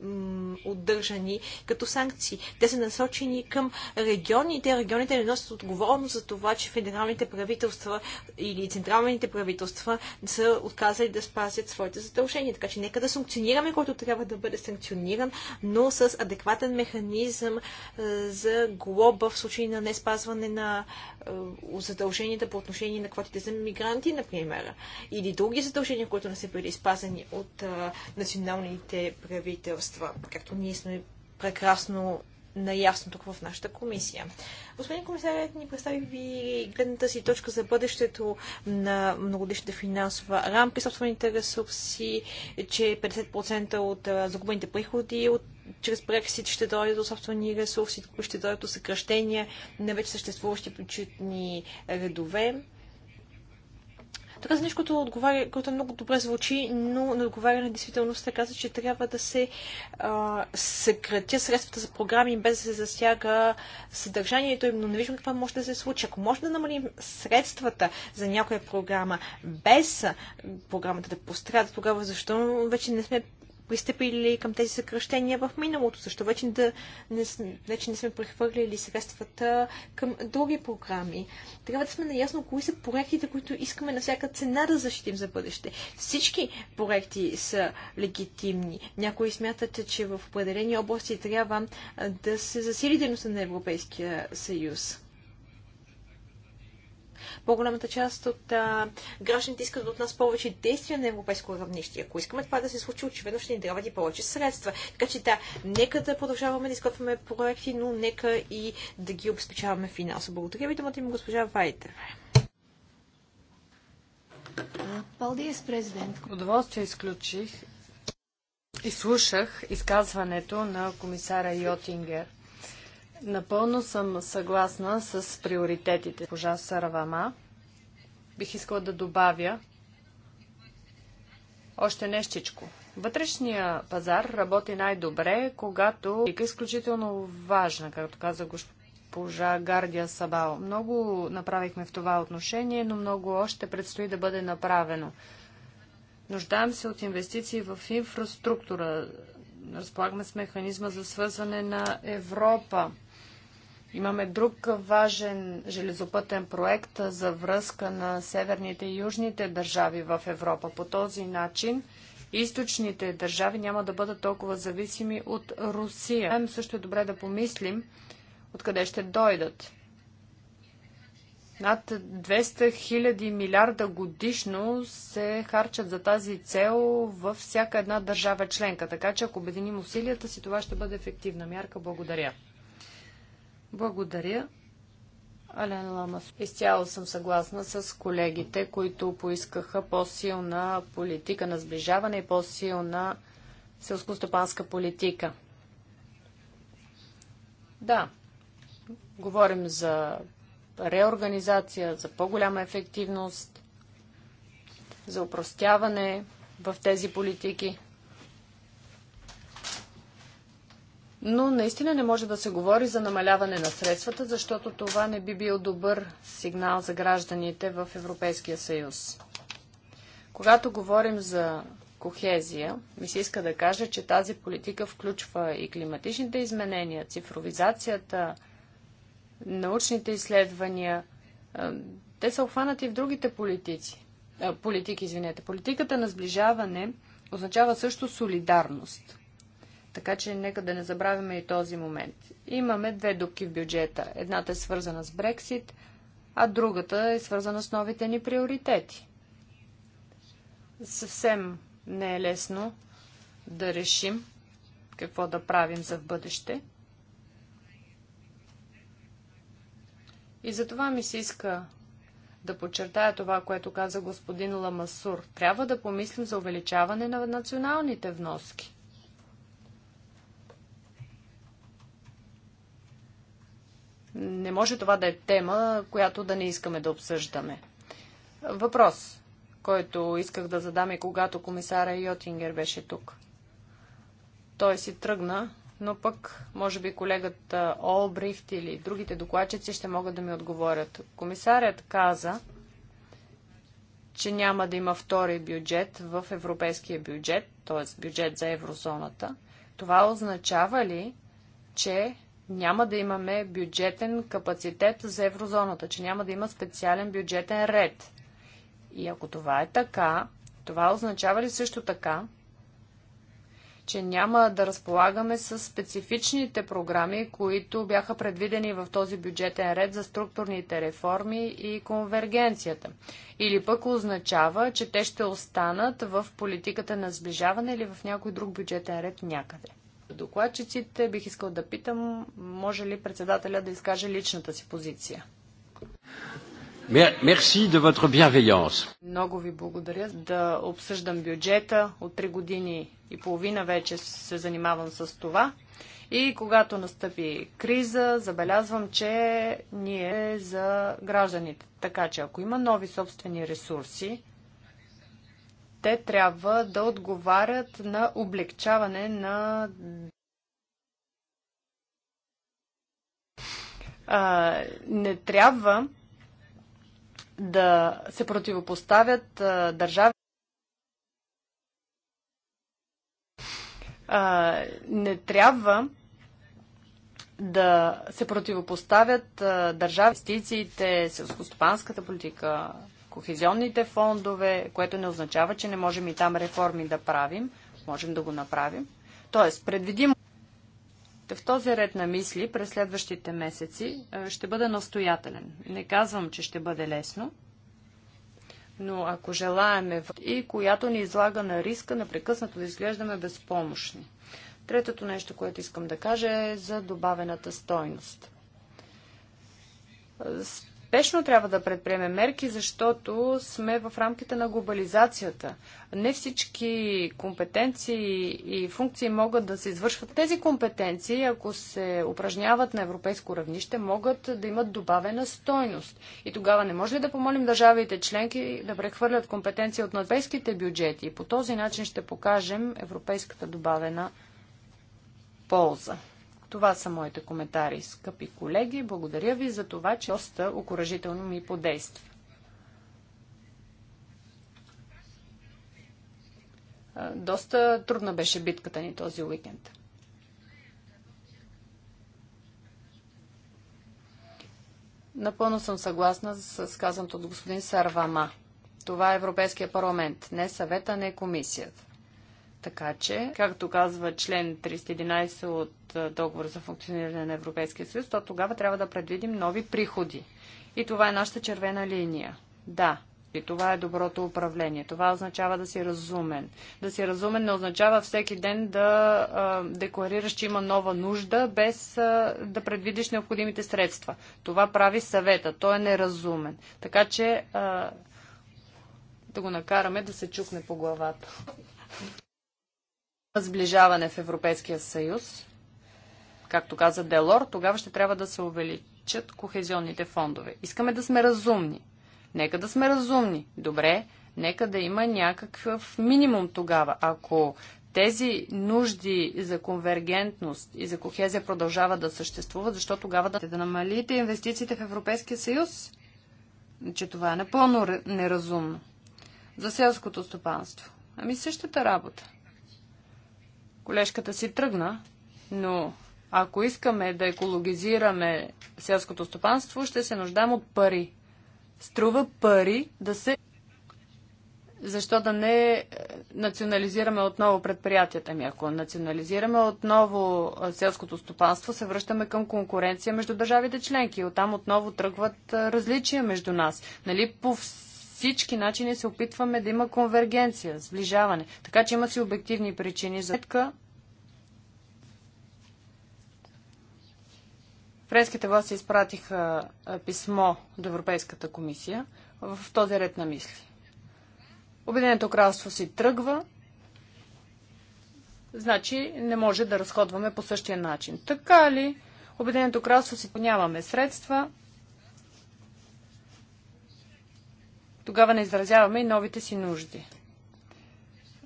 S1: отдържани като санкции. Те са насочени към регионите. Регионите не носят отговорност за това, че федералните правителства или централните правителства са отказали да спазят своите задължения. Така че нека да санкционираме, който трябва да бъде санкциониран, но с адекватен механизъм е, за глоба в случай на не спазване на е, задълженията по отношение на квотите за мигранти, например, или други задължения, които не са били спазени от е, националните правителства средства, както ние сме прекрасно наясно тук в нашата комисия. Господин комисар, ни представи ви гледната си точка за бъдещето на многодишната финансова рамка и собствените ресурси, че 50% от загубените приходи от чрез Brexit ще дойдат до собствени ресурси, които ще дойдат до съкръщения на вече съществуващи бюджетни редове така за което отговаря, което много добре звучи, но не отговаря на действителността. Каза, че трябва да се а, съкратя средствата за програми, без да се засяга съдържанието им, но не виждам какво може да се случи. Ако може да намалим средствата за някоя програма, без програмата да пострада, тогава защо вече не сме пристъпили към тези съкръщения в миналото, защо вече, да, не, вече не сме прехвърлили средствата към други програми. Трябва да сме наясно кои са проектите, които искаме на всяка цена да защитим за бъдеще. Всички проекти са легитимни. Някои смятат, че в определени области трябва да се засили дейността на Европейския съюз. По-голямата част от а, гражданите искат от нас повече действия на европейско равнище. Ако искаме това да се случи, очевидно ще ни трябват и повече средства. Така че да, нека да продължаваме да изготвяме проекти, но нека и да ги обезпечаваме финансово. Благодаря ви, думата има госпожа Вайтер. Палдиес президент. Удоволствие изключих и
S2: слушах изказването на комисара Йотингер. Напълно съм съгласна с приоритетите. Пожа Саравама, бих искала да добавя още нещичко. Вътрешния пазар работи най-добре, когато е изключително важна, както каза госпожа Гардия Сабао. Много направихме в това отношение, но много още предстои да бъде направено. Нуждаем се от инвестиции в инфраструктура. Разполагаме с механизма за свързване на Европа. Имаме друг важен железопътен проект за връзка на северните и южните държави в Европа. По този начин източните държави няма да бъдат толкова зависими от Русия. Също е добре да помислим откъде ще дойдат. Над 200 000 милиарда годишно се харчат за тази цел във всяка една държава членка. Така че ако обединим усилията си, това ще бъде ефективна мярка. Благодаря. Благодаря. Ален Ламас. Изцяло съм съгласна с колегите, които поискаха по-силна политика на сближаване и по-силна селско-стопанска политика. Да, говорим за реорганизация, за по-голяма ефективност, за упростяване в тези политики. Но наистина не може да се говори за намаляване на средствата, защото това не би бил добър сигнал за гражданите в Европейския съюз. Когато говорим за кохезия, ми се иска да кажа, че тази политика включва и климатичните изменения, цифровизацията, научните изследвания. Е, те са обхванати в другите политици. Е, политики, извинете. Политиката на сближаване означава също солидарност. Така че нека да не забравяме и този момент. Имаме две дупки в бюджета. Едната е свързана с Брексит, а другата е свързана с новите ни приоритети. Съвсем не е лесно да решим какво да правим за в бъдеще. И затова ми се иска да подчертая това, което каза господин Ламасур. Трябва да помислим за увеличаване на националните вноски. Не може това да е тема, която да не искаме да обсъждаме. Въпрос, който исках да задам и когато комисара Йотингер беше тук. Той си тръгна, но пък може би колегата Олбрихт или другите докладчици ще могат да ми отговорят. Комисарят каза, че няма да има втори бюджет в европейския бюджет, т.е. бюджет за еврозоната. Това означава ли, че няма да имаме бюджетен капацитет за еврозоната, че няма да има специален бюджетен ред. И ако това е така, това означава ли също така, че няма да разполагаме с специфичните програми, които бяха предвидени в този бюджетен ред за структурните реформи и конвергенцията. Или пък означава, че те ще останат в политиката на сближаване или в някой друг бюджетен ред някъде докладчиците. Бих искал да питам, може ли председателя да изкаже личната си позиция? Мерси de votre bienveillance. Много ви благодаря да обсъждам бюджета. От три години и половина вече се занимавам с това. И когато настъпи криза, забелязвам, че ние за гражданите. Така че ако има нови собствени ресурси, те трябва да отговарят на облегчаване на а, не трябва да се противопоставят а, държави. А, не трябва да се противопоставят а, държави, инвестициите, селскостопанската политика, кохезионните фондове, което не означава, че не можем и там реформи да правим. Можем да го направим. Тоест, предвидим. В този ред на мисли през следващите месеци ще бъда настоятелен. Не казвам, че ще бъде лесно, но ако желаеме и която ни излага на риска, непрекъснато да изглеждаме безпомощни. Третото нещо, което искам да кажа е за добавената стойност спешно трябва да предприемем мерки, защото сме в рамките на глобализацията. Не всички компетенции и функции могат да се извършват. Тези компетенции, ако се упражняват на европейско равнище, могат да имат добавена стойност. И тогава не може ли да помолим държавите членки да прехвърлят компетенции от европейските бюджети? По този начин ще покажем европейската добавена полза. Това са моите коментари, скъпи колеги. Благодаря ви за това, че доста окоръжително ми подейства. Доста трудна беше битката ни този уикенд. Напълно съм съгласна с казаното от господин Сарвама. Това е Европейския парламент, не съвета, не комисията. Така че, както казва член 311 от договор за функциониране на Европейския съюз, то тогава трябва да предвидим нови приходи. И това е нашата червена линия. Да, и това е доброто управление. Това означава да си разумен. Да си разумен не означава всеки ден да а, декларираш, че има нова нужда, без а, да предвидиш необходимите средства. Това прави съвета. Той е неразумен. Така че а, да го накараме да се чукне по главата сближаване в Европейския съюз, както каза Делор, тогава ще трябва да се увеличат кохезионните фондове. Искаме да сме разумни. Нека да сме разумни. Добре, нека да има някакъв минимум тогава. Ако тези нужди за конвергентност и за кохезия продължават да съществуват, защо тогава да, да намалите инвестициите в Европейския съюз? Че това е напълно неразумно. За селското стопанство. Ами същата работа. Колежката си тръгна, но ако искаме да екологизираме селското стопанство, ще се нуждаем от пари. Струва пари да се. Защо да не национализираме отново предприятията ми? Ако национализираме отново селското стопанство, се връщаме към конкуренция между държавите членки. Оттам отново тръгват различия между нас. Нали по всички начини се опитваме да има конвергенция, сближаване. Така че има си обективни причини за сметка. Френските власти изпратиха писмо до Европейската комисия в този ред на мисли. Обединеното кралство си тръгва, значи не може да разходваме по същия начин. Така ли? Обединеното кралство си поняваме средства, Тогава не изразяваме и новите си нужди.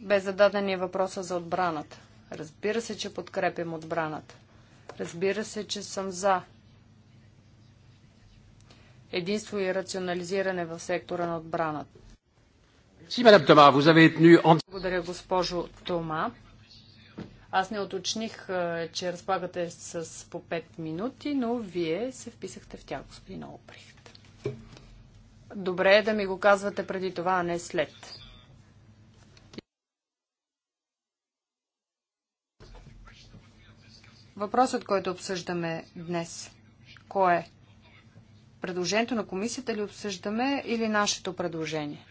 S2: Без зададени въпроса за отбраната. Разбира се, че подкрепям отбраната. Разбира се, че съм за единство и рационализиране в сектора на отбраната. Благодаря, госпожо Тома. Аз не уточних, е, че разполагате с по 5 минути, но вие се вписахте в тях, господин Олбрихт. Добре е да ми го казвате преди това, а не след. Въпросът, който обсъждаме днес, кое е? Предложението на комисията ли обсъждаме или нашето предложение?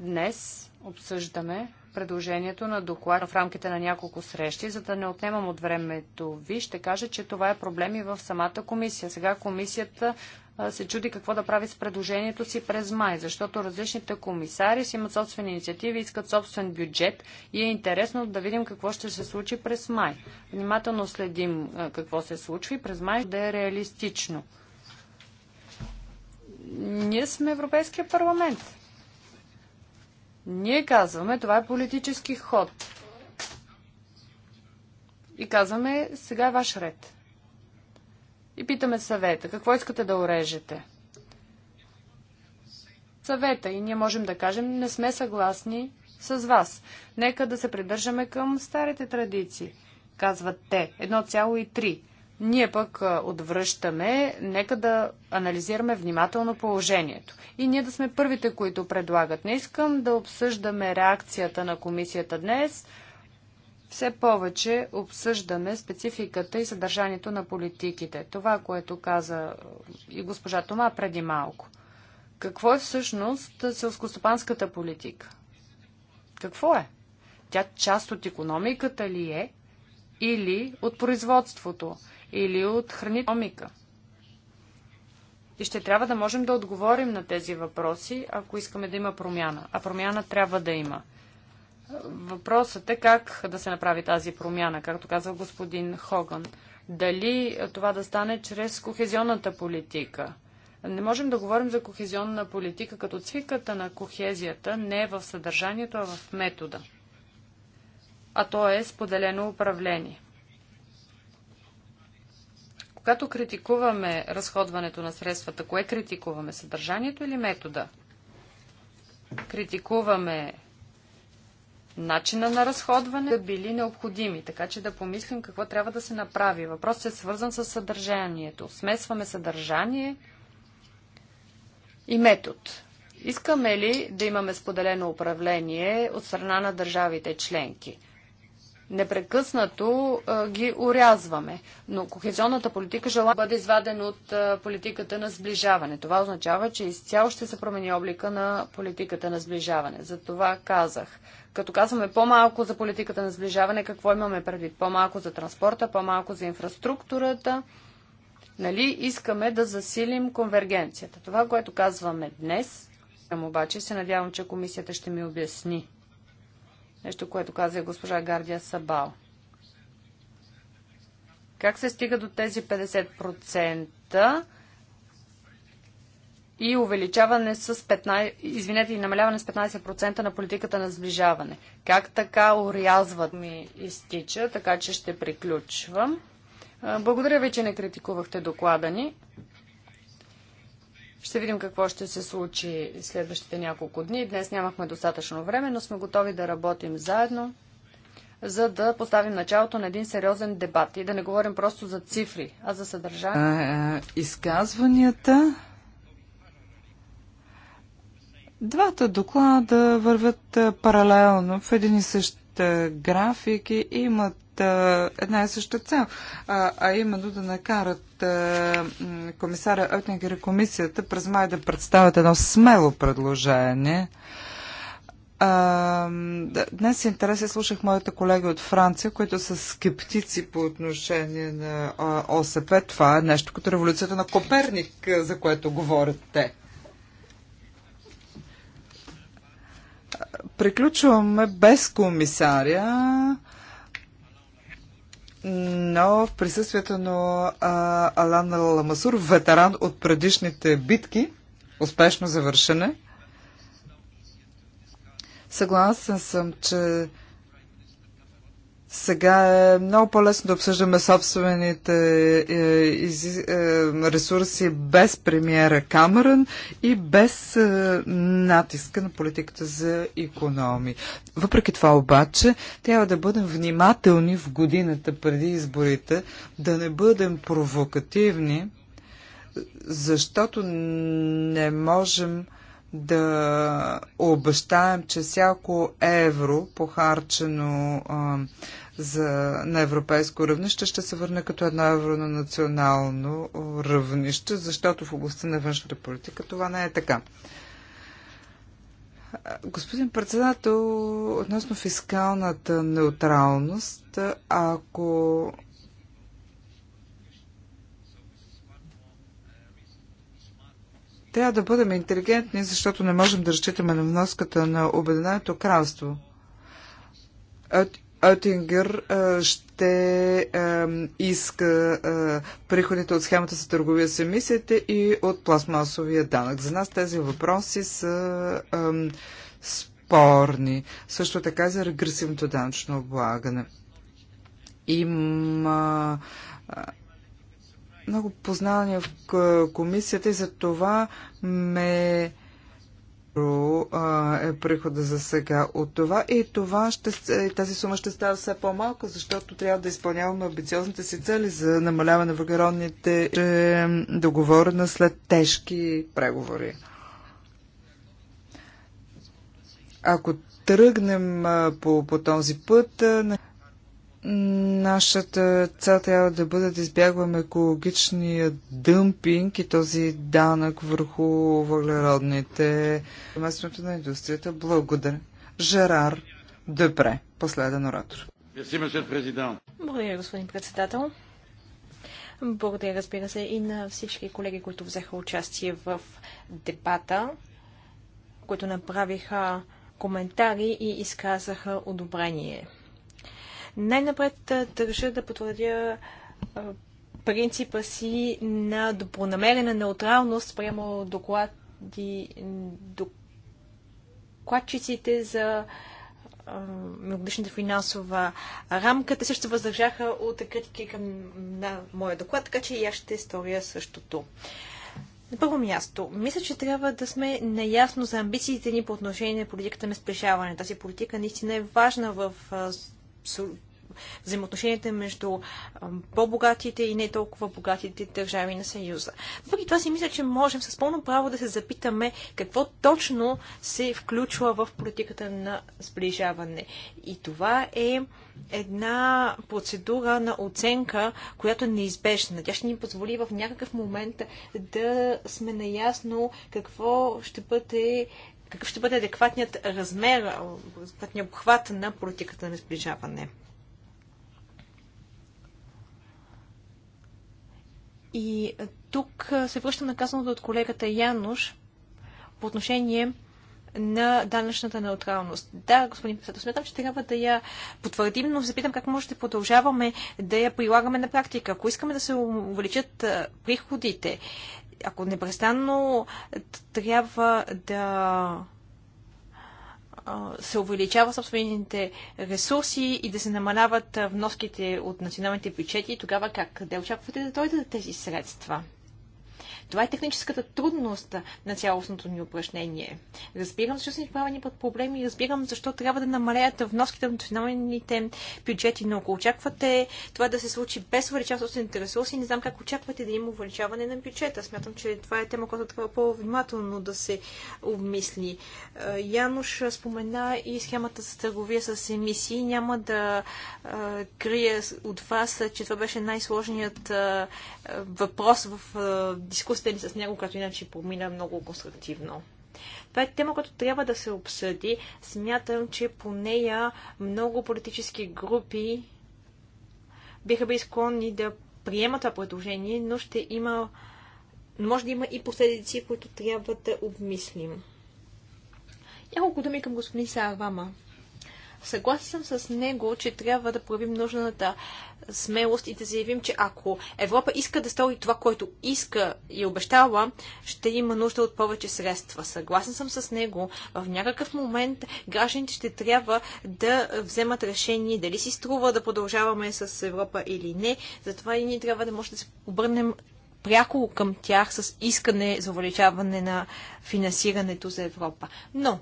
S2: Днес обсъждаме предложението на доклад в рамките на няколко срещи, за да не отнемам от времето ви. Ще кажа, че това е проблеми в самата комисия. Сега комисията се чуди какво да прави с предложението си през май, защото различните комисари си имат собствени инициативи, искат собствен бюджет и е интересно да видим какво ще се случи през май. Внимателно следим какво се случва и през май да е реалистично. Ние сме Европейския парламент. Ние казваме, това е политически ход. И казваме, сега е ваш ред и питаме съвета, какво искате да урежете? Съвета и ние можем да кажем, не сме съгласни с вас. Нека да се придържаме към старите традиции, казват те. 1,3. Ние пък отвръщаме, нека да анализираме внимателно положението. И ние да сме първите, които предлагат. Не искам да обсъждаме реакцията на комисията днес, все повече обсъждаме спецификата и съдържанието на политиките. Това, което каза е, и госпожа Тома преди малко. Какво е всъщност селскостопанската политика? Какво е? Тя част от економиката ли е? Или от производството? Или от хранитомика? И ще трябва да можем да отговорим на тези въпроси, ако искаме да има промяна. А промяна трябва да има. Въпросът е как да се направи тази промяна, както каза господин Хоган. Дали това да стане чрез кохезионната политика? Не можем да говорим за кохезионна политика, като цвиката на кохезията не е в съдържанието, а в метода. А то е споделено управление. Когато критикуваме разходването на средствата, кое критикуваме? Съдържанието или метода? Критикуваме начина на разходване да били необходими, така че да помислим какво трябва да се направи. Въпросът е свързан с съдържанието. Смесваме съдържание и метод. Искаме ли да имаме споделено управление от страна на държавите членки? непрекъснато а, ги урязваме. Но кохезионната политика желая да бъде изваден от а, политиката на сближаване. Това означава, че изцяло ще се промени облика на политиката на сближаване. За това казах. Като казваме по-малко за политиката на сближаване, какво имаме предвид? По-малко за транспорта, по-малко за инфраструктурата. Нали искаме да засилим конвергенцията? Това, което казваме днес, обаче се надявам, че комисията ще ми обясни Нещо, което каза и госпожа Гардия Сабал. Как се стига до тези 50% и увеличаване с 15, извинете, и намаляване с 15% на политиката на сближаване? Как така урязват ми изтича, така че ще приключвам. Благодаря ви, че не критикувахте доклада ни. Ще видим какво ще се случи следващите няколко дни. Днес нямахме достатъчно време, но сме готови да работим заедно, за да поставим началото на един сериозен дебат и да не говорим просто за цифри, а за съдържание.
S3: изказванията. Двата доклада вървят паралелно в един и същ график и имат една и съща цел, а, а именно да накарат а, комисара Оттенгер и комисията през май да представят едно смело предложение. А, днес е интерес слушах моите колеги от Франция, които са скептици по отношение на ОСП. Това е нещо като революцията на Коперник, за което говорят те. Приключваме без комисаря но в присъствието на Алан Ламасур, ветеран от предишните битки, успешно завършене. Съгласен съм, че сега е много по-лесно да обсъждаме собствените е, е, ресурси без премиера Камерън и без е, натиска на политиката за економи. Въпреки това обаче, трябва да бъдем внимателни в годината преди изборите, да не бъдем провокативни, защото не можем да обещаем, че всяко евро, похарчено а, за, на европейско равнище ще се върне като едно евро на национално равнище, защото в областта на външната политика това не е така. Господин председател, относно фискалната неутралност, ако трябва да бъдем интелигентни, защото не можем да разчитаме на вноската на Обединеното кралство. Е, Оттингър ще иска приходите от схемата за търговия с емисиите и от пластмасовия данък. За нас тези въпроси са спорни. Също така за регресивното данъчно облагане. Има много познания в комисията и за това ме е прихода за сега от това и това ще, тази сума ще става все по-малка, защото трябва да изпълняваме амбициозните си цели за намаляване на въглеродните договорена след тежки преговори. Ако тръгнем по, по този път, Нашата цел трябва да бъде да избягваме екологичния дъмпинг и този данък върху въглеродните местното на индустрията. Благодаря. Жерар Депре, последен оратор.
S1: Благодаря, господин председател. Благодаря, разбира се, и на всички колеги, които взеха участие в дебата, които направиха коментари и изказаха одобрение. Най-напред държа да потвърдя принципа си на добронамерена неутралност прямо доклади, докладчиците за многодишната финансова рамка. Те също въздържаха от критики към на моя доклад, така че и аз ще сторя същото. На първо място, мисля, че трябва да сме наясно за амбициите ни по отношение на политиката на спешаване. Тази политика наистина е важна в взаимоотношенията между по-богатите и не толкова богатите държави на Съюза. Въпреки това си мисля, че можем с пълно право да се запитаме какво точно се включва в политиката на сближаване. И това е една процедура на оценка, която е неизбежна. Тя ще ни позволи в някакъв момент да сме наясно какво ще бъде какъв ще бъде адекватният размер, адекватният обхват на политиката на сближаване. И тук се връщам на казаното от колегата Януш по отношение на данъчната неутралност. Да, господин председател, смятам, че трябва да я потвърдим, но запитам как може да продължаваме да я прилагаме на практика. Ако искаме да се увеличат приходите, ако непрестанно трябва да се увеличава собствените ресурси и да се намаляват вноските от националните бюджети, тогава как? Къде очаквате да дойдат тези средства? Това е техническата трудност на цялостното ни упражнение. Разбирам защо са изправени под проблеми и разбирам защо трябва да намаляят вноските в националните бюджети, но ако очаквате това да се случи без увеличаване собствените ресурси, не знам как очаквате да има увеличаване на бюджета. Смятам, че това е тема, която трябва по-внимателно да се обмисли. Януш спомена и схемата с търговия с емисии. Няма да крия от вас, че това беше най-сложният въпрос в дискусията ли с него, като иначе промина много конструктивно. Това е тема, която трябва да се обсъди. Смятам, че по нея много политически групи биха били склонни да приемат това предложение, но ще има може да има и последици, които трябва да обмислим. Няколко думи към господин Сарвама. Съгласен съм с него, че трябва да проявим нужната смелост и да заявим, че ако Европа иска да стори това, което иска и обещава, ще има нужда от повече средства. Съгласен съм с него. В някакъв момент гражданите ще трябва да вземат решение дали си струва да продължаваме с Европа или не. Затова и ние трябва да може да се обърнем пряко към тях с искане за увеличаване на финансирането за Европа. Но,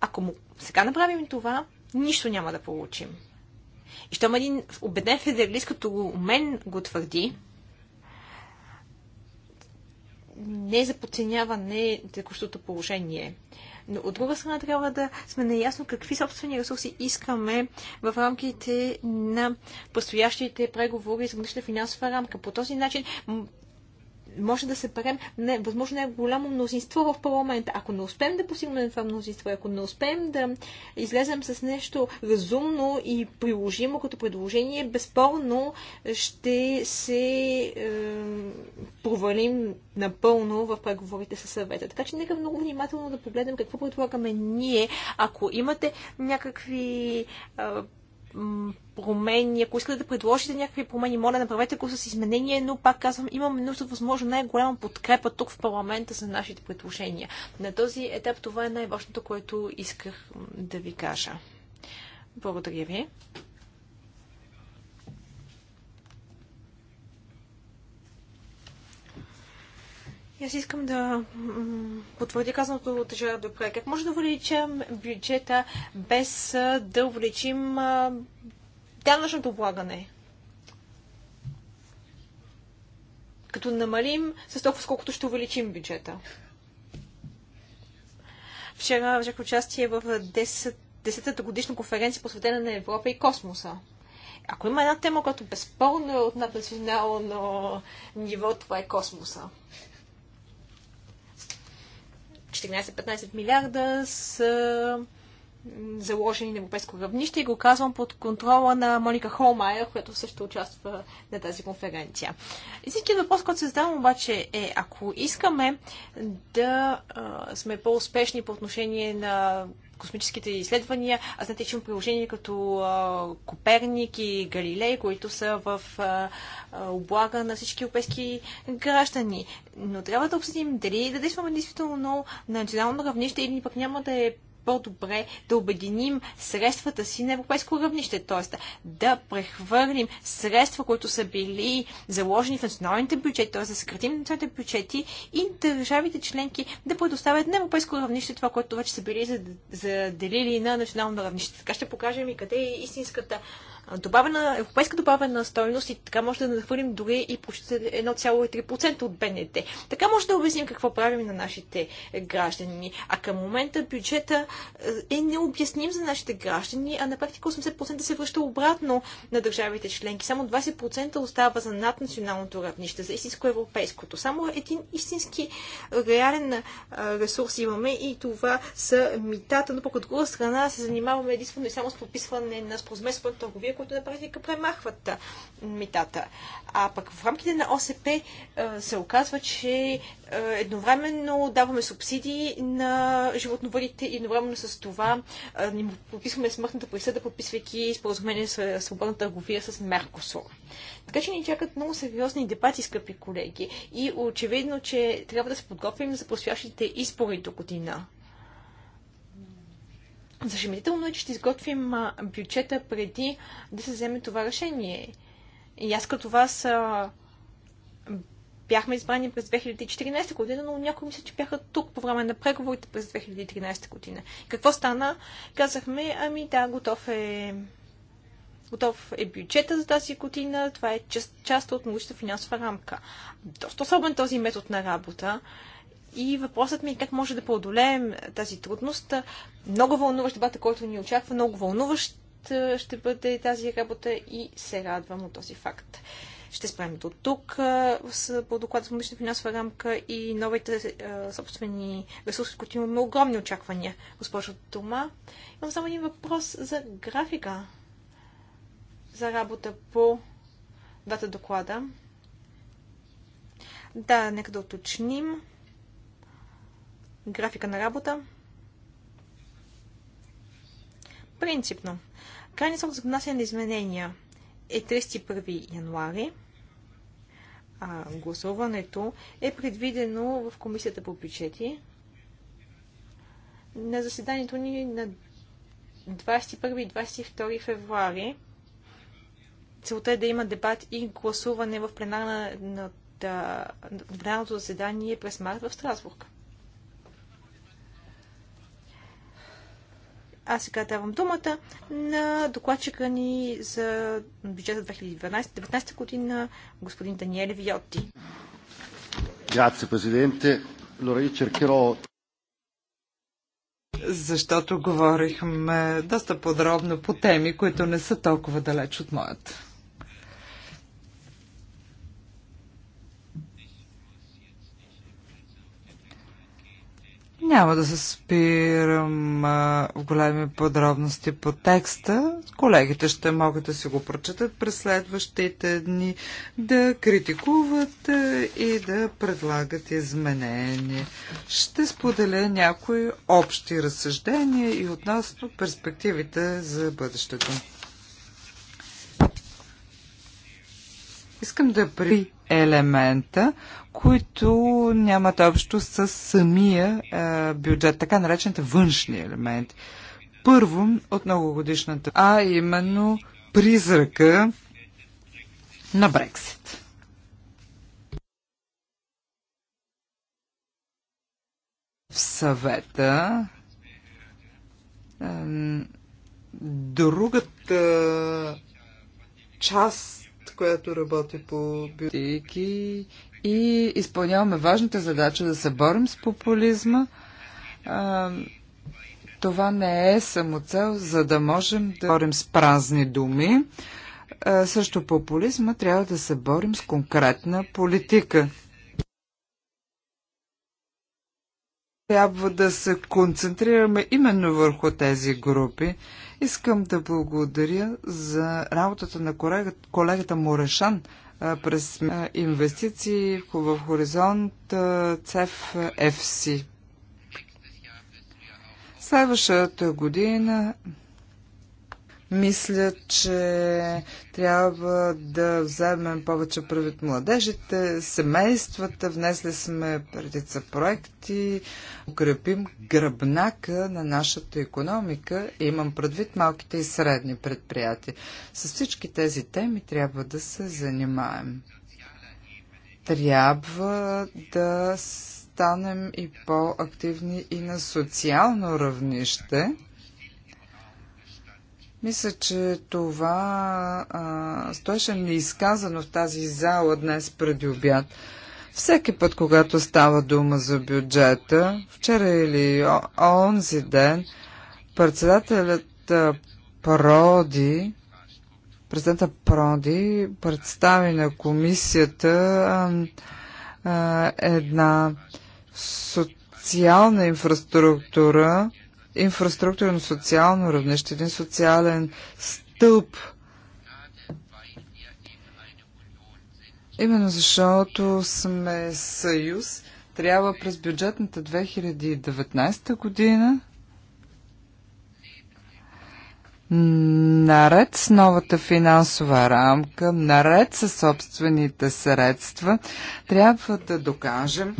S1: ако му сега направим това, нищо няма да получим. И щом един убеден федералист като мен го твърди, не е за подценяване текущото положение. Но от друга страна трябва да сме наясно какви собствени ресурси искаме в рамките на предстоящите преговори за годишна финансова рамка. По този начин може да съберем, не, възможно е голямо мнозинство в парламента. Ако не успеем да постигнем това мнозинство, ако не успеем да излезем с нещо разумно и приложимо като предложение, безспорно ще се е, провалим напълно в преговорите със съвета. Така че нека много внимателно да погледнем какво предлагаме ние. Ако имате някакви е, промени, ако искате да предложите някакви промени, моля, направете го с изменение, но пак казвам, имаме нужда възможно най-голяма подкрепа тук в парламента за нашите предложения. На този етап това е най-важното, което исках да ви кажа. Благодаря ви. И аз искам да потвърдя казаното от Жара Допре. Как може да увеличим бюджета без да увеличим данъчното облагане? Като намалим с толкова, сколкото ще увеличим бюджета. Вчера взех участие в 10, 10-та годишна конференция, посветена на Европа и космоса. Ако има една тема, която безспорно е от национално ниво, това е космоса. 14-15 милиарда са заложени на европейско равнище и го казвам под контрола на Моника Холмайер, която също участва на тази конференция. Истинският въпрос, който се задавам обаче е, ако искаме да а, сме по-успешни по отношение на космическите изследвания, а знаете, че има приложения като а, Коперник и Галилей, които са в а, облага на всички европейски граждани. Но трябва да обсъдим дали да действаме действително на национално равнище или пък няма да е по-добре да обединим средствата си на европейско равнище, т.е. да прехвърлим средства, които са били заложени в националните бюджети, т.е. да съкратим националните бюджети и държавите членки да предоставят на европейско равнище това, което вече са били заделили на национално равнище. Така ще покажем и къде е истинската добавена, европейска добавена стойност и така може да нахвърлим дори и почти 1,3% от БНД. Така може да обясним какво правим на нашите граждани. А към момента бюджета е, е необясним за нашите граждани, а на практика 80% се връща обратно на държавите членки. Само 20% остава за наднационалното равнище, за истинско европейското. Само един истински реален ресурс имаме и това са митата, но пък от друга страна се занимаваме единствено и само с подписване на споразумение с търговия, които на практика премахват митата. А пък в рамките на ОСП се оказва, че едновременно даваме субсидии на животновъдите и едновременно с това ни подписваме смъртната присъда, подписвайки споразумение с свободна търговия с Меркосур. Така че ни чакат много сериозни дебати, скъпи колеги. И очевидно, че трябва да се подготвим за предстоящите избори до година. Зашемително е, че ще изготвим бюджета преди да се вземе това решение. И аз като вас а, бяхме избрани през 2014 година, но някои мисля, че бяха тук по време на преговорите през 2013 година. Какво стана? Казахме, ами да, готов е Готов е бюджета за тази година. Това е част, част от научната финансова рамка. Доста особен този метод на работа. И въпросът ми е как може да преодолеем тази трудност. Много вълнуващ дебата, който ни очаква, много вълнуващ ще бъде тази работа и се радвам от този факт. Ще спрем до тук по доклада за годишна финансова рамка и новите е, собствени ресурси, които имаме огромни очаквания. Госпожо Тома, имам само един въпрос за графика за работа по двата доклада. Да, нека да уточним. Графика на работа. Принципно. Крайни срок за внасяне на изменения е 31 януари. А гласуването е предвидено в Комисията по бюджети на заседанието ни на 21 и 22 февруари. Целта е да има дебат и гласуване в пленарната, пленарното заседание през март в Страсбург. Аз сега давам думата на докладчика ни за бюджета 2019 година, господин Даниел Виотти.
S2: Грация, президенте. Лори Черкиро.
S3: защото говорихме доста подробно по теми, които не са толкова далеч от моята. Няма да се спирам а, в големи подробности по текста. Колегите ще могат да си го прочитат през следващите дни, да критикуват а, и да предлагат изменения. Ще споделя някои общи разсъждения и относно перспективите за бъдещето. Искам да при елемента, които нямат общо с самия е, бюджет, така наречените външни елементи. Първо от многогодишната, а именно призрака на Брексит. В съвета другата част която работи по биотики и изпълняваме важната задача да се борим с популизма. А, това не е самоцел, за да можем да борим с празни думи. А, също популизма трябва да се борим с конкретна политика. трябва да се концентрираме именно върху тези групи. Искам да благодаря за работата на колегата, колегата Морешан през инвестиции в Хоризонт ЦЕФ ФСИ. Следващата година мисля, че трябва да вземем повече правит младежите, семействата. Внесли сме редица проекти, укрепим гръбнака на нашата економика. Имам предвид малките и средни предприятия. С всички тези теми трябва да се занимаем. Трябва да станем и по-активни и на социално равнище мисля, че това а, стоеше неизказано в тази зала днес преди обяд. Всеки път, когато става дума за бюджета, вчера или онзи ден, председателят Проди, президента Проди представи на комисията а, а, една социална инфраструктура, инфраструктурно социално равнище, един социален стълб. Именно защото сме съюз, трябва през бюджетната 2019 година наред с новата финансова рамка, наред с собствените средства, трябва да докажем,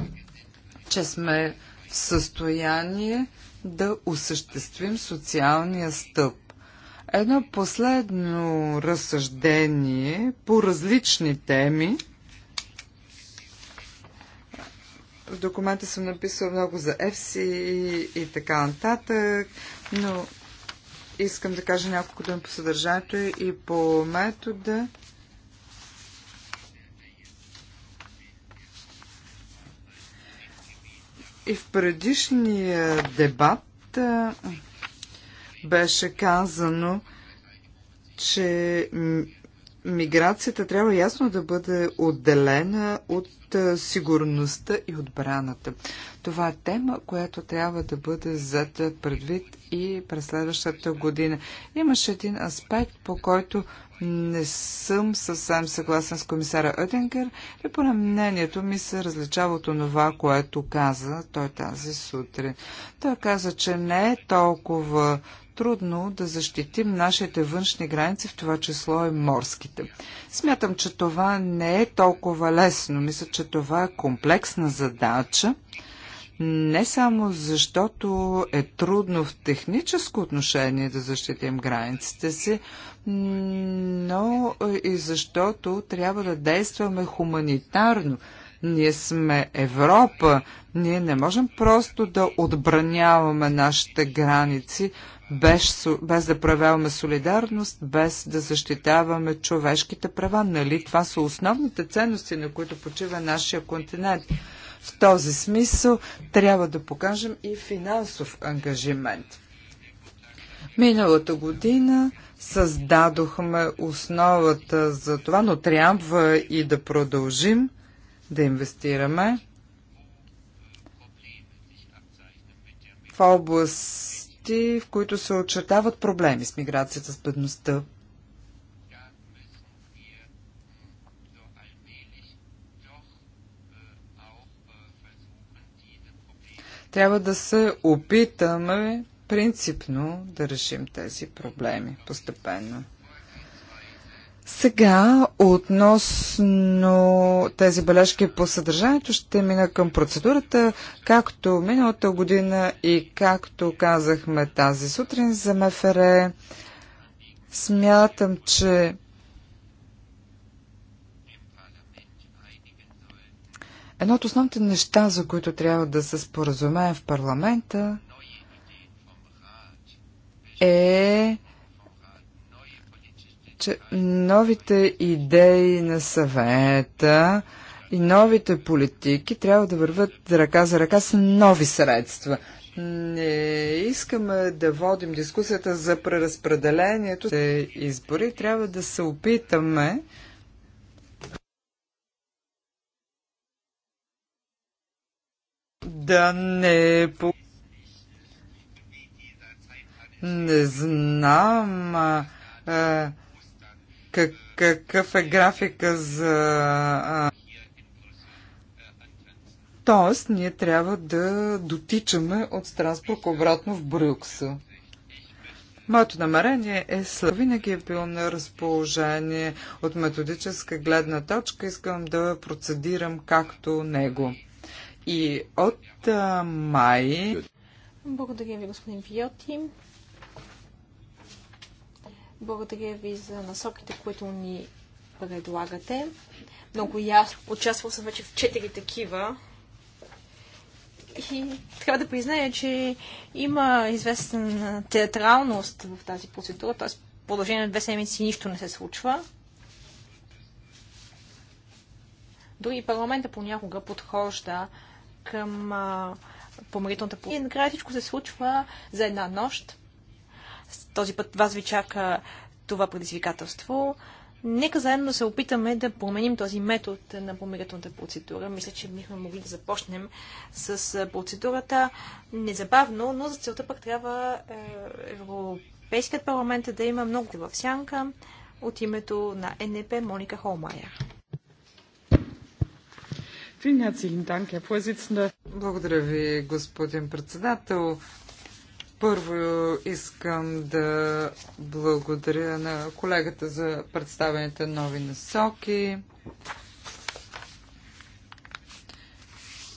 S3: че сме в състояние да осъществим социалния стъп. Едно последно разсъждение по различни теми. В документа съм написал много за ЕФСИ и, и така нататък, но искам да кажа няколко думи по съдържанието и по метода. И в предишния дебат беше казано, че миграцията трябва ясно да бъде отделена от сигурността и отбраната. Това е тема, която трябва да бъде взета предвид и през следващата година. Имаше един аспект, по който не съм съвсем съгласен с комисара Оттингер и поне мнението ми се различава от това, което каза той тази сутрин. Той каза, че не е толкова трудно да защитим нашите външни граници, в това число и морските. Смятам, че това не е толкова лесно. Мисля, че това е комплексна задача не само защото е трудно в техническо отношение да защитим границите си, но е, и защото трябва да действаме хуманитарно. Ние сме Европа, ние не можем просто да отбраняваме нашите граници, без, без да проявяваме солидарност, без да защитаваме човешките права. Нали? Това са основните ценности, на които почива нашия континент. В този смисъл трябва да покажем и финансов ангажимент. Миналата година създадохме основата за това, но трябва и да продължим да инвестираме в области, в които се очертават проблеми с миграцията, с бедността, Трябва да се опитаме принципно да решим тези проблеми постепенно. Сега, относно тези бележки по съдържанието, ще мина към процедурата. Както миналата година и както казахме тази сутрин за МФР, смятам, че Едно от основните неща, за които трябва да се споразумеем в парламента, е, че новите идеи на съвета и новите политики трябва да върват ръка за ръка с нови средства. Не искаме да водим дискусията за преразпределението. Избори трябва да се опитаме да не не знам а, а, как, какъв е графика за... А, Тоест, ние трябва да дотичаме от Страсбург обратно в Брюксел. Моето намерение е след. Винаги е било на разположение от методическа гледна точка. Искам да процедирам както него. И от а, май.
S1: Благодаря ви, господин Виоти. Благодаря ви за насоките, които ни предлагате. Много ясно. Участвал съм вече в четири такива. И трябва да призная, че има известна театралност в тази процедура, т.е. продължение на две седмици нищо не се случва. Дори парламента понякога подхожда към помирителната полуция. И накрая всичко се случва за една нощ. Този път вас ви чака това предизвикателство. Нека заедно да се опитаме да променим този метод на помирителната процедура. Мисля, че бихме могли да започнем с процедурата незабавно, но за целта пък трябва е, Европейският парламент да има много в сянка от името на НП Моника Холмайер.
S3: Благодаря ви, господин председател. Първо искам да благодаря на колегата за представените нови насоки.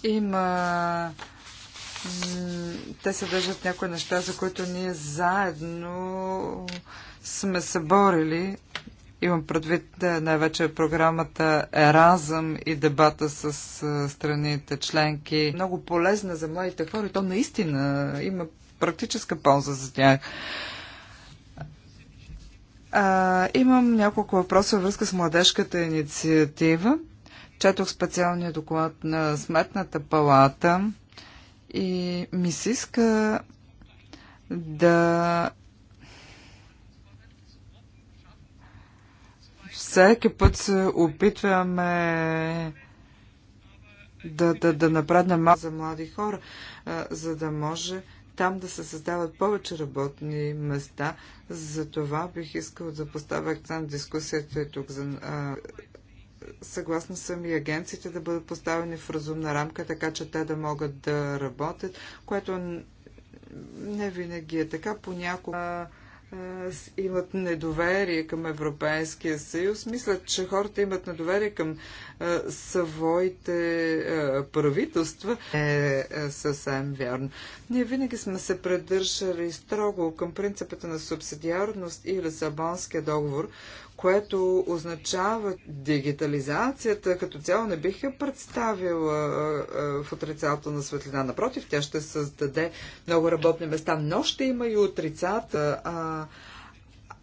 S3: Има те съдържат някои неща, за които ние заедно сме се борили Имам предвид най-вече програмата Еразъм и дебата с страните членки. Много полезна за младите хора и то наистина има практическа полза за тях. А, имам няколко въпроса във връзка с младежката инициатива. Четох специалния доклад на Сметната палата и ми се иска да всеки път се опитваме да, да, да малко за млади хора, за да може там да се създават повече работни места. За това бих искал да поставя акцент в дискусията и тук. За, а, съгласна съм и агенциите да бъдат поставени в разумна рамка, така че те да могат да работят, което не винаги е така. Понякога имат недоверие към Европейския съюз. Мислят, че хората имат недоверие към своите правителства. Е, е съвсем вярно. Ние винаги сме се придържали строго към принципата на субсидиарност и Лисабонския договор, което означава дигитализацията като цяло не бих я представила в отрицателна светлина. Напротив, тя ще създаде много работни места, но ще има и отрицата. А,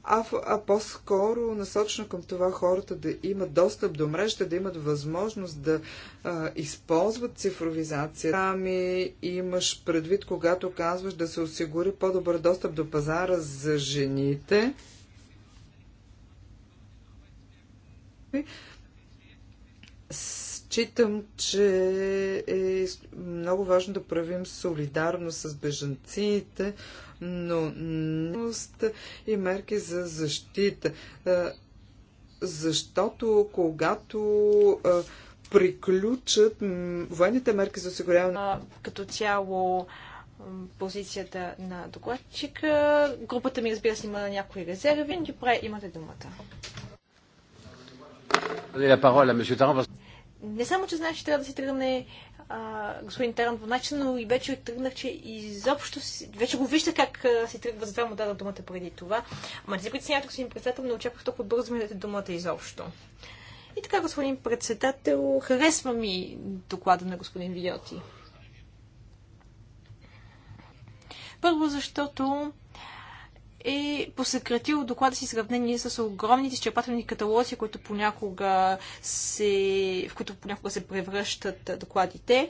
S3: а, а по-скоро насочено към това хората да имат достъп до мрежата, да имат възможност да а, използват цифровизация. Ами имаш предвид, когато казваш да се осигури по-добър достъп до пазара за жените. Считам, че е много важно да правим солидарно с бежанците, но и мерки за защита. Защото когато приключат военните
S1: мерки за осигуряване. Като цяло позицията на докладчика. Групата ми, разбира се, има някои резерви. Добре, имате думата. Не само, че знаеш, че трябва да си тръгне господин Таран по начин, но и вече тръгнах, че изобщо си, вече го вижда как си тръгва, затова му дадах думата преди това. Ама не си притеснявайте, господин председател, не очаквах толкова бързо ми дадете думата изобщо. И така, господин председател, харесва ми доклада на господин Виоти. Първо, защото е посъкратил доклада си сравнение с огромните изчерпателни каталози, които понякога се, в които понякога се превръщат докладите.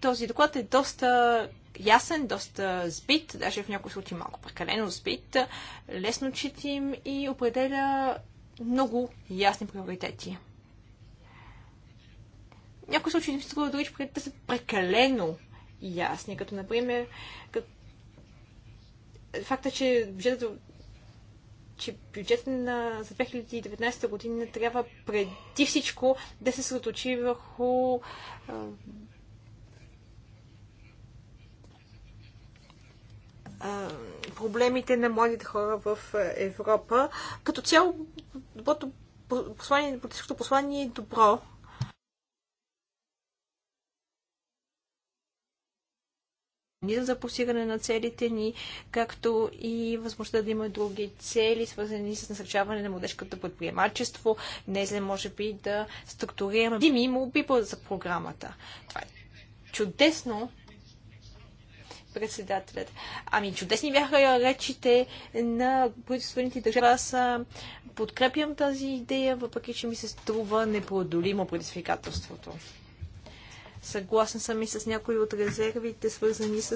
S1: Този доклад е доста ясен, доста сбит, даже в някои случаи малко прекалено сбит, лесно четим и определя много ясни приоритети. Някои случаи ми се струва дори, че са прекалено ясни, като например, като факта, че бюджетът че бюджетът на, за 2019 година трябва преди всичко да се съсредоточи върху проблемите на младите хора в Европа. Като цяло, доброто послание, политическото послание е добро, за постигане на целите ни, както и възможността да има други цели, свързани с насърчаване на младежкото предприемачество. Днес е, може би, да структурираме дими молби за програмата. Това е чудесно, председателят. Ами чудесни бяха речите на правителствените държави. Аз подкрепям тази идея, въпреки че ми се струва непреодолимо предизвикателството. Съгласен съм и с някои от резервите, свързани с